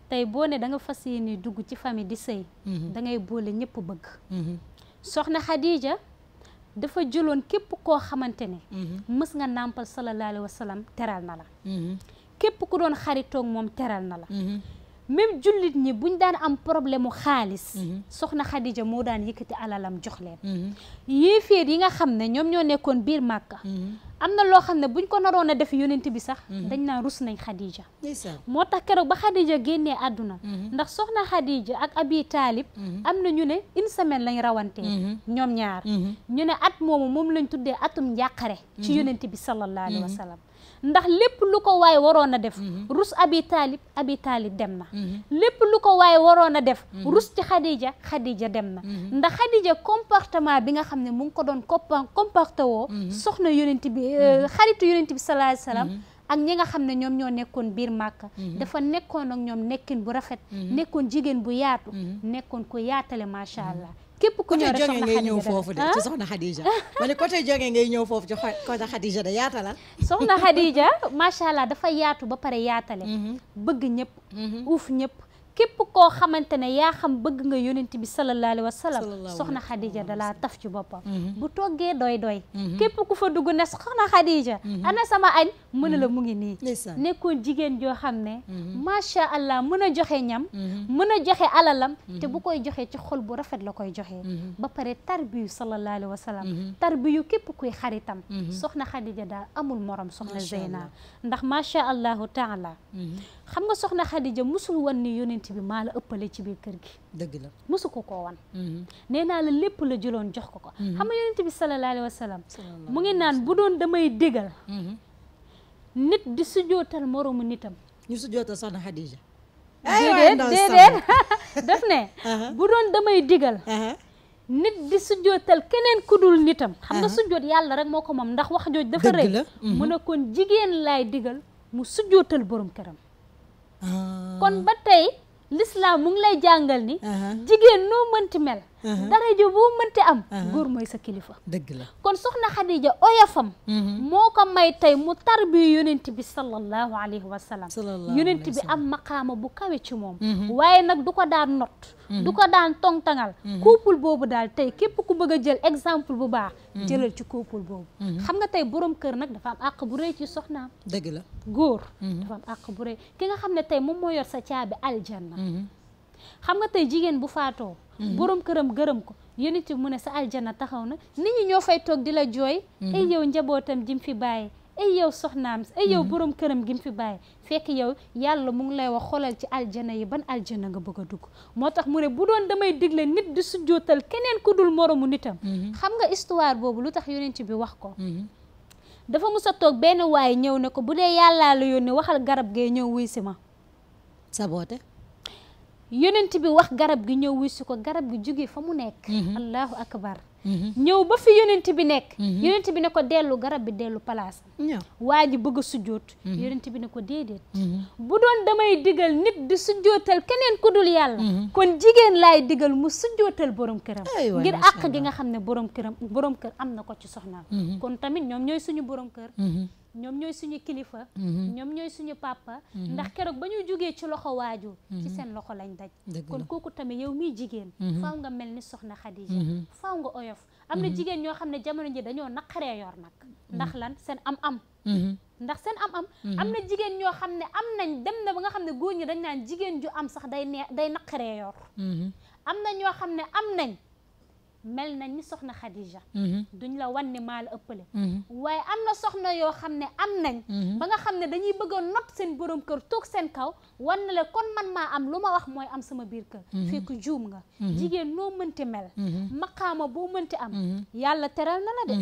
tey boo ne da nga fas yéene dugg ci famille di sëy mhm. da ngay boole ñëpp bëgg mhm. soxna Xadija dafa jëloon képp koo xamante ne mës nga nàmpal sallallahu alayhi teral na la képp ku doon xaritoog moom teral na la même jullit ñi buñ daan am problème mu xaalis soxna Xadija moo daan yëkkati alalam jox leen yéeféer yi nga xam ne ñoom ñoo nekkoon biir Màkka am na loo xam ne buñ ko naroon a def yonent bi sax mhm. dañ naa rus nañ Khadija moo tax keroog ba Khadija génnee àdduna mhm. ndax soxna Khadija ak Abi Taalib mhm. am na ñu ne une semaine lañ rawantee ñoom ñaar ñu ne at moomu moom lañ tuddee atum njàqare ci yonent bi sallallahu alayhi wa ndax lépp lu ko waay waroon a def mhm. rus abi taalib abi taalib dem na mhm. lépp lu ko waay waroon a def mhm. rus ci xadija xadija dem na ndax xadija comportement bi nga xam ne mu ngi ko doon comporté woo soxna yonent bi euh, xaritu yonent bi sallallahu alayhi wasallam ak ñi nga xam ne ñoom ñoo nekkoon biir màkka dafa nekkoon ak ñoom nekkin bu rafet nekkoon jigéen bu yaatu nekkoon ko yaatale macha allah képp ku ñëw rek soxna ngay ñëw foofu de ah? ci soxna Khadija ma ne côté jóge ngay ñëw foofu ci côté Khadija da yaatalal soxna Khadija (laughs) macha allah dafa yaatu ba pare yaatale mm-hmm. bëgg ñëpp mm-hmm. uuf ñëpp képp koo xamante ne yaa xam bëgg nga yonent bi sallallahu alayhi wa sallam soxna Khadija dalaa taf ci boppam mm-hmm. bu toggee doy doy mm-hmm. képp ku fa dugg ne soxna Khadija mm-hmm. ana sama añ mën a la mu ngi nii nekkoon jigéen joo xam ne macha allah mën a joxe ñam mën a joxe alalam te bu koy joxe ci xol bu rafet la koy joxe ba pare tarbiyu sallallahu alayhi wa sallam tarbiyu képp kuy xaritam soxna Khadija daal amul morom soxna Zeyna ndax macha allahu taala xam nga soxna Xadija musul wan ni yonent bi maa la ëppale ci biir kër gi dëgg la musu ko koo wan mm-hmm. nee naa la lépp la jëloon jox ko ko mm-hmm. xam nga yonent bi sallallahu alayhi mu ngi naan bu doon damay dégal mm-hmm. nit di sujootal nitam ñu sujootal soxna Xadija (laughs) uh-huh. damay digal uh-huh. nit di sujjootal keneen ku dul nitam xam nga uh-huh. sujjoot yàlla rek moo ko moom ndax wax jooj dafa rëy mu ne kon jigéen laay digal mu sujjootal borom këram Ah. kon ba tey l'islam mu lay jàngal ni ah. jigéen noo mënti mel Uh-huh. daraja boo mënti am uh-huh. góor mooy sa kilifa dëgg la kon soxna Xadija oyofam uh-huh. moo ko may tey mu tarbi yonent bi sallallahu alayhi wa yu yonent bi am maqaama bu kawe ci moom waaye nag du ko daan not du ko daan tongtangal couple boobu daal tey képp ku bëgg a jël exemple bu baax jëlal ci couple boobu xam nga tey borom kër nag dafa am àq bu rëy ci soxnaam dëgg la góor dafa am àq bu rëy ki nga xam ne tey moom moo yor sa caabi aljanna xam nga tey jigéen bu faatoo mm-hmm. boroom këram gërëm ko yonent bi mu ne sa aljana taxaw na nit ñi ñoo fay toog di la jooy mm-hmm. ay yow njabootam jim fi bàyyi ay yow soxnaam ay yow mm-hmm. boroom këram gi mu fi bàyyi fekk yow yàlla mu ngi lay wax xoolal ci aljana yi ban aljana nga bëgg a dugg moo tax mu ne bu doon damay digle nit di sujjootal keneen ku dul moroomu nitam xam nga histoire boobu lu tax yonent bi wax ko dafa mus a toog benn waaye ñëw ne ko bu dee yàlla la yónnee waxal garab gee ñëw wuy si saboote yonent bi wax garab gi ñëw wuy si ko garab gi jógee fa mu nekk mhm. allahu akbar mhm. ñëw ba fi yonent bi nekk mhm. yonent bi ne ko dellu garab bi dellu palaas waa ji bëgg a sujjóot yonent bi ne ko déedéet bu doon damay digal nit di sujjóotal keneen ku dul yàlla kon jigéen lay digal mu sujjóotal borom këram ngir àq gi nga xam ne borom këram borom kër am na ko ci soxnaam kon tamit ñoom ñooy suñu borom kër ñoom ñooy suñu kilifa mhm. ñoom ñooy suñu papa mhm. ndax keroog ba ñuy jógee ci loxo waajur ci mhm. seen loxo lañ daj kon kooku tamit yow mii jigéen faaw nga mel ni soxna Xadija faw nga oyof am na jigéen ñoo xam ne jamono ji dañoo naqaree yor nag ndax lan seen am am ndax seen am na jigéen ñoo xam ne am nañ dem na ba nga xam ne góor ñi dañ naan jigéen ju am sax day nee day naqaree yor am na ñoo xam ne am nañ mel nañ ni soxna Khadija. Mhm. duñ la wan ne maa la ëppale. Mhm. waaye am na soxna yoo xam ne am nañ. Mhm. ba nga xam ne dañuy bëgg a not seen borom kër toog seen kaw wan na la kon man maa am lu ma wax mooy am sama biir kër. fekk juum nga. jigéen noo mënti mel. maqaama boo mënti am. yàlla teral na la de.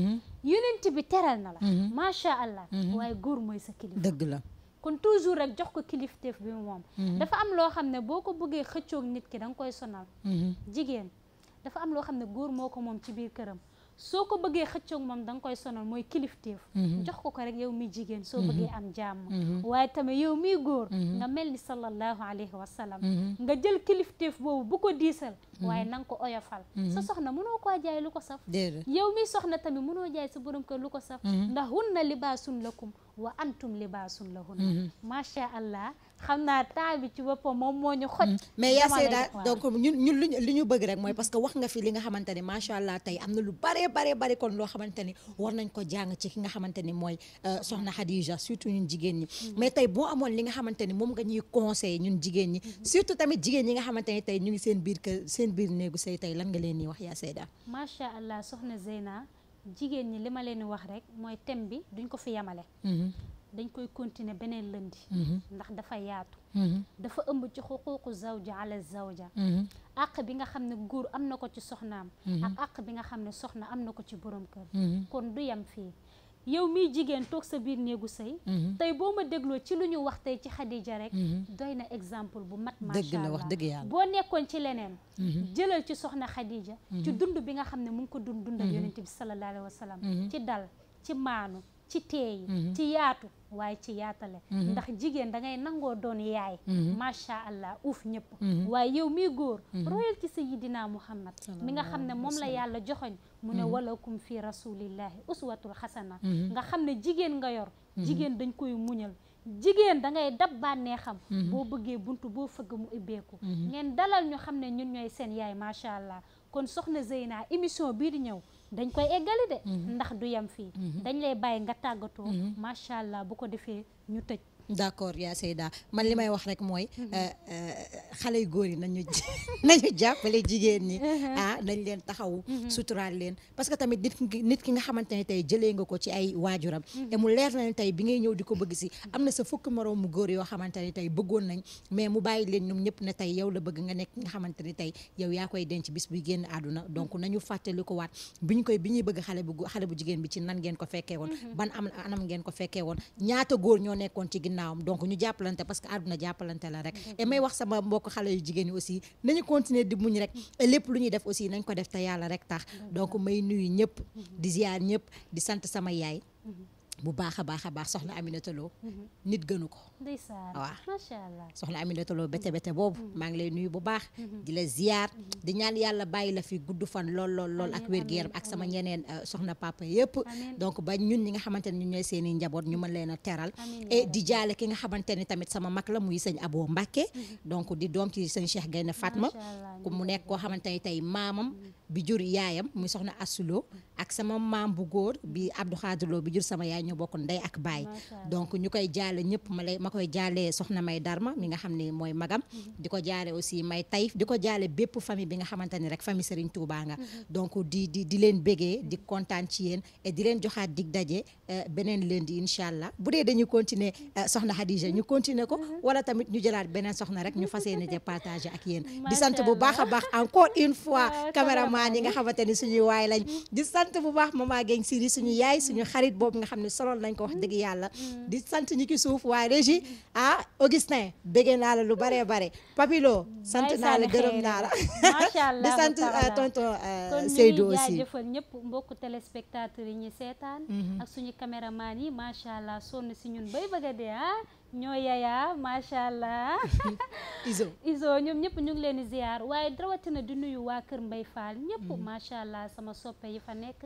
yonent bi teral na la. macha allah. waaye góor mooy sa kilifa. dëgg la. kon toujours rek jox ko kilifteef bi moom. dafa am loo xam ne boo ko bëggee xëccoog nit ki da nga koy sonal. jigéen. dafa am loo xam ne góor moo ko moom ci biir këram soo ko bëggee xëccoog moom da nga koy sonal mooy kilifteef mhm. jox ko ko rek yow mi jigéen soo mhm. bëggee am jàmm mhm. waaye tamit yow mi góor nga mel ni sallallahu alayhi wa sallam nga jël kilifteef boobu bu ko diisal waaye na ko oyofal sa soxna mënoo ko jaay lu ko saf yow miy soxna tamit mënoo jaay sa borom kër lu ko saf ndax hunna la lakum wa antum libaasun lahunna macha allah xam naa taal bi ci boppam moom moo ñu xoj mm. mais yaa seeda donc ñun ñun luñ li ñu bëgg rek mooy parce que wax nga fi li nga xamante ne macha allah tey am na lu bare baree bari kon loo xamante ni war nañ ko jàng ci ki nga xamante ni mooy euh, soxna Khadija surtout ñun jigéen ñi mm. mais tey boo amoon li nga xamante ni moom nga ñuy conseillé ñun jigéen ñi mm-hmm. surtout tamit jigéen ñi nga xamante ni tey ñu ngi seen biir kër seen biir néegu sëy tey lan nga leen di wax yaa seeda macha allah soxna Zeyna jigéen ñi li ma leen wax rek mooy thème bi duñ ko fi yamale mm-hmm. dañ koy continuer beneen lëndi mhm. ndax dafa yaatu mhm. dafa ëmb ci xuquuqu zawja ala zawja mhm. àq bi nga xam ne góor am na ko ci soxnaam àq bi nga xam ne soxna am na ko ci borom kër kon du yam fii yow miy jigéen toog sa biir néegu sëy tey boo ma dégloo ci lu ñu wax tey ci Khadija rek doy na exemple bu mat macha allah wax dëgg yàlla boo nekkoon ci leneen jëlal ci soxna Khadija ci dund bi nga xam ne mu ngi ko dund dundal yonent bi sallallahu alayhi wa sallam ci dal ci maanu ci teey mm-hmm. ci yaatu waaye ci yaatale mm-hmm. ndax jigéen da ngay nangoo doon yaay mm-hmm. macha allah uuf ñëpp waaye yow mi góor royal ci sayidina muhammad mi nga xam ne moom la yàlla joxoñ mu ne walakum fi rasulillahi uswatul xasana nga xam ne jigéen nga yor jigéen dañ koy muñal jigéen da ngay dab bànnee xam boo bëggee bunt boo fëgg mu ibbeeku ngeen dalal ñu xam ne ñun ñooy seen yaay macha allah kon soxna Zeyna émission bii di ñëw dañ koy eggali de. Mhm. ndax du yem fii. Mhm. dañ lay bàyyi nga tàggatoo. Mhm. macha allah bu ko defee ñu tëj. d'accord yaa Seyda man li mm-hmm. may wax rek mooy mm-hmm. euh, euh, xale yu góor yi nañu (laughs) nañu jàppale jigéen ñi mm-hmm. ah nañ leen taxaw suturaal leen parce que tamit nit ki nit ki nga xamante ne tey jëlee nga ko ci ay waajuram te mu leer na ne tey bi ngay ñëw di ko bëgg si am na sa fukki moroom mu góor yoo xamante ne tey bëggoon nañ mais mu bàyyi leen ñoom ñëpp ne tey yow la bëgg nga nekk nga xamante ne tey yow yaa koy denc bis buy génn àdduna donc nañu fàttali ko waat bi ñu koy bi ñuy bëgg xale bu xale bu jigéen bi ci nan ngeen ko fekkee woon ban am anam ngeen ko fekkee woon ñaata góor ñoo nekkoon ci ginnaawam donc ñu jàppalante parce que àdduna jàppalante la rek et may wax sama mbokk xale yu jigéen ñi aussi nañu continuer di muñ rek et lépp lu ñuy def aussi nañ ko def te yàlla rek tax donc may nuyu ñëpp di ziar ñëpp di sant sama yaay mhm. bu baax a baax a baax soxna Aminata Lo mhm. nit gënu ko waaw macha allah soxna Aminata Lo bete bete boobu mhm. maa ngi lay nuyu bu baax mhm. di la ziyaar di ñaan yàlla bàyyi la fi gudd fan lool lool lool ak wér-gu-yaram ak sama ñeneen euh, soxna papa yëpp donc ba ñun ñi nga xamante ne ñun ñooy seeni njaboot ñu mën leen a teral et di jaale ki nga xamante ni tamit sama mag la muy sëñ aboo Mbacke donc di doom ci sëñ Cheikh Gaynde Fatma ku mu nekk koo xamante ni tey maamam bi jur yaayam muy soxna Assulo ak sama maam bu góor bi Abdou Khadir Lo bi jur sama yaay ñoo bokk ndey ak baay donc ñu koy jaale ñëpp ma lay ma koy jaalee soxna May Darma mi nga xam ne mooy magam mhm. di ko jaale aussi May Taïf di ko jaale bépp famille bi nga xamante ni rek famille Serigne Touba nga mhm. donc di di di leen bégee di kontaan ci yéen di leen joxaat dig daje leen euh, di incha allah bu dee dañu continuer euh, soxna Khadija ñu continuer ko mhm. wala tamit ñu jëlaat beneen soxna rek ñu fas yéene ja ak yéen (laughs) maman yi nga xamante su suñuy waay lañ di sant bu baax maman Guèye Siri suñu yaay suñu xarit boobu nga xam ne solol nañ ko wax dëgg yàlla di sant ñi ci suuf waa régie ah Augustin bëggee naa la lu baree bare Papilo sant naa la gërëm naa la (laughs) di sant euh, tonton Seydou aussi kon ñu jaajëfal ñëpp mbokk téléspectateurs yi ñu seetaan mhm. ak suñu yi macha allah sonn si ñoo yaya macha allah. (laughs) iso (laughs) iso ñoom ñëpp ñu ngi leen di ziar waaye rawatina di nuyu waa Kër Mbay faal ñëpp mm-hmm. macha allah sama soppe yi fa nekk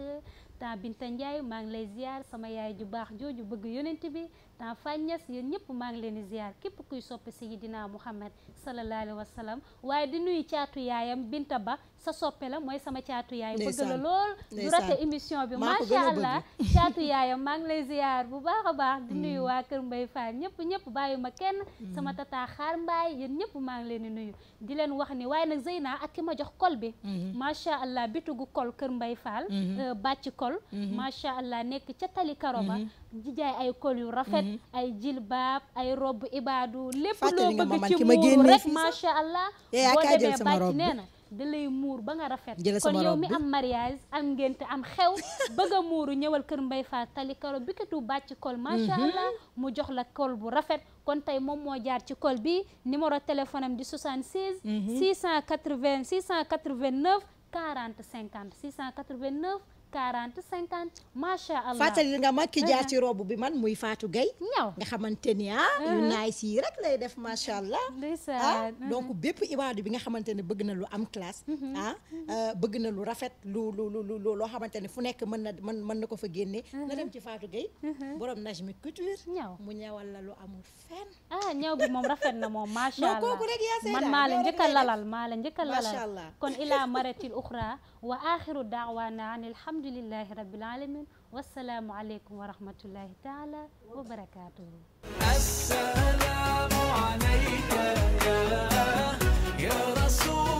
temps Binta Ndiaye maa ngi lay ziar sama yaay ju baax jooju bëgg yonent bi Tafa Niass yéen ñëpp maa ngi leen di képp kuy soppe Seydina Muhammad sallallahu alayhi wa sallam waaye di nuyu caatu yaayam Binta Ba sa soppe la mooy sama caatu yaay bëgg la lool du rate émission bi macha allah (laughs) caatu yaayam maa ngi lay ziar bu baax a baax mm. nuyu waa Kër Mbay Fall ñëpp ñëpp bàyyi ma kenn mm. sama tataa xaar mbaay yéen ñëpp maa ngi leen di nuyu di leen wax ni waaye nag Zeyna ak ki ma jox kol bi mm-hmm. macha allah bitugu kol Kër Mbay Fall mm-hmm. euh, bàcc kol mm-hmm. macha allah nekk ca tali karoba di jaay ay col yu rafet mhm. ay jilbaab ay robb ibaadu lépp loo bëgg ci muuru rek macha allah eh, boo demee bàcc nee na da lay muur ba nga rafet kon yow mi am mariage am ngénte am xew (laughs) bëgg a muuru ñëwal kër Mbay Faal tali karo bi katu bàcc col macha mhm. allah mu jox la col bu rafet kon tey moom moo jaar ci col bi numéro téléphone am di 76 680 689 40 50 689 40 50 macha allah fàttali nga ma ki ci eh. robe bi man muy faatu Gueye ñaw nga xamante ni ah yu eh. naay si rek lay def macha allah ah donc bépp ibaadu bi nga xamante ne bëgg na lu am classe mm-hmm. ah euh, bëgg na lu rafet lu lu lu lu loo xamante ne fu nekk mën na mën mën na ko fa génne mm-hmm. na dem ci faatu Fatou Gueye mm-hmm. borom Najmi Couture ñaw mu ñawal la lu amul fenn ah, ñaw bi moom rafet na moom macha allah kooku rek yaa maa la njëkk a lalal maa la njëkk a lalal kon ilaa maratil uxra wa axiru daawaana an alhamdulillahi rabbil alamin wassalaamu aleykum wa rahmatullahi taala wa barakaatuhu assalaamu aleyka ya rasuul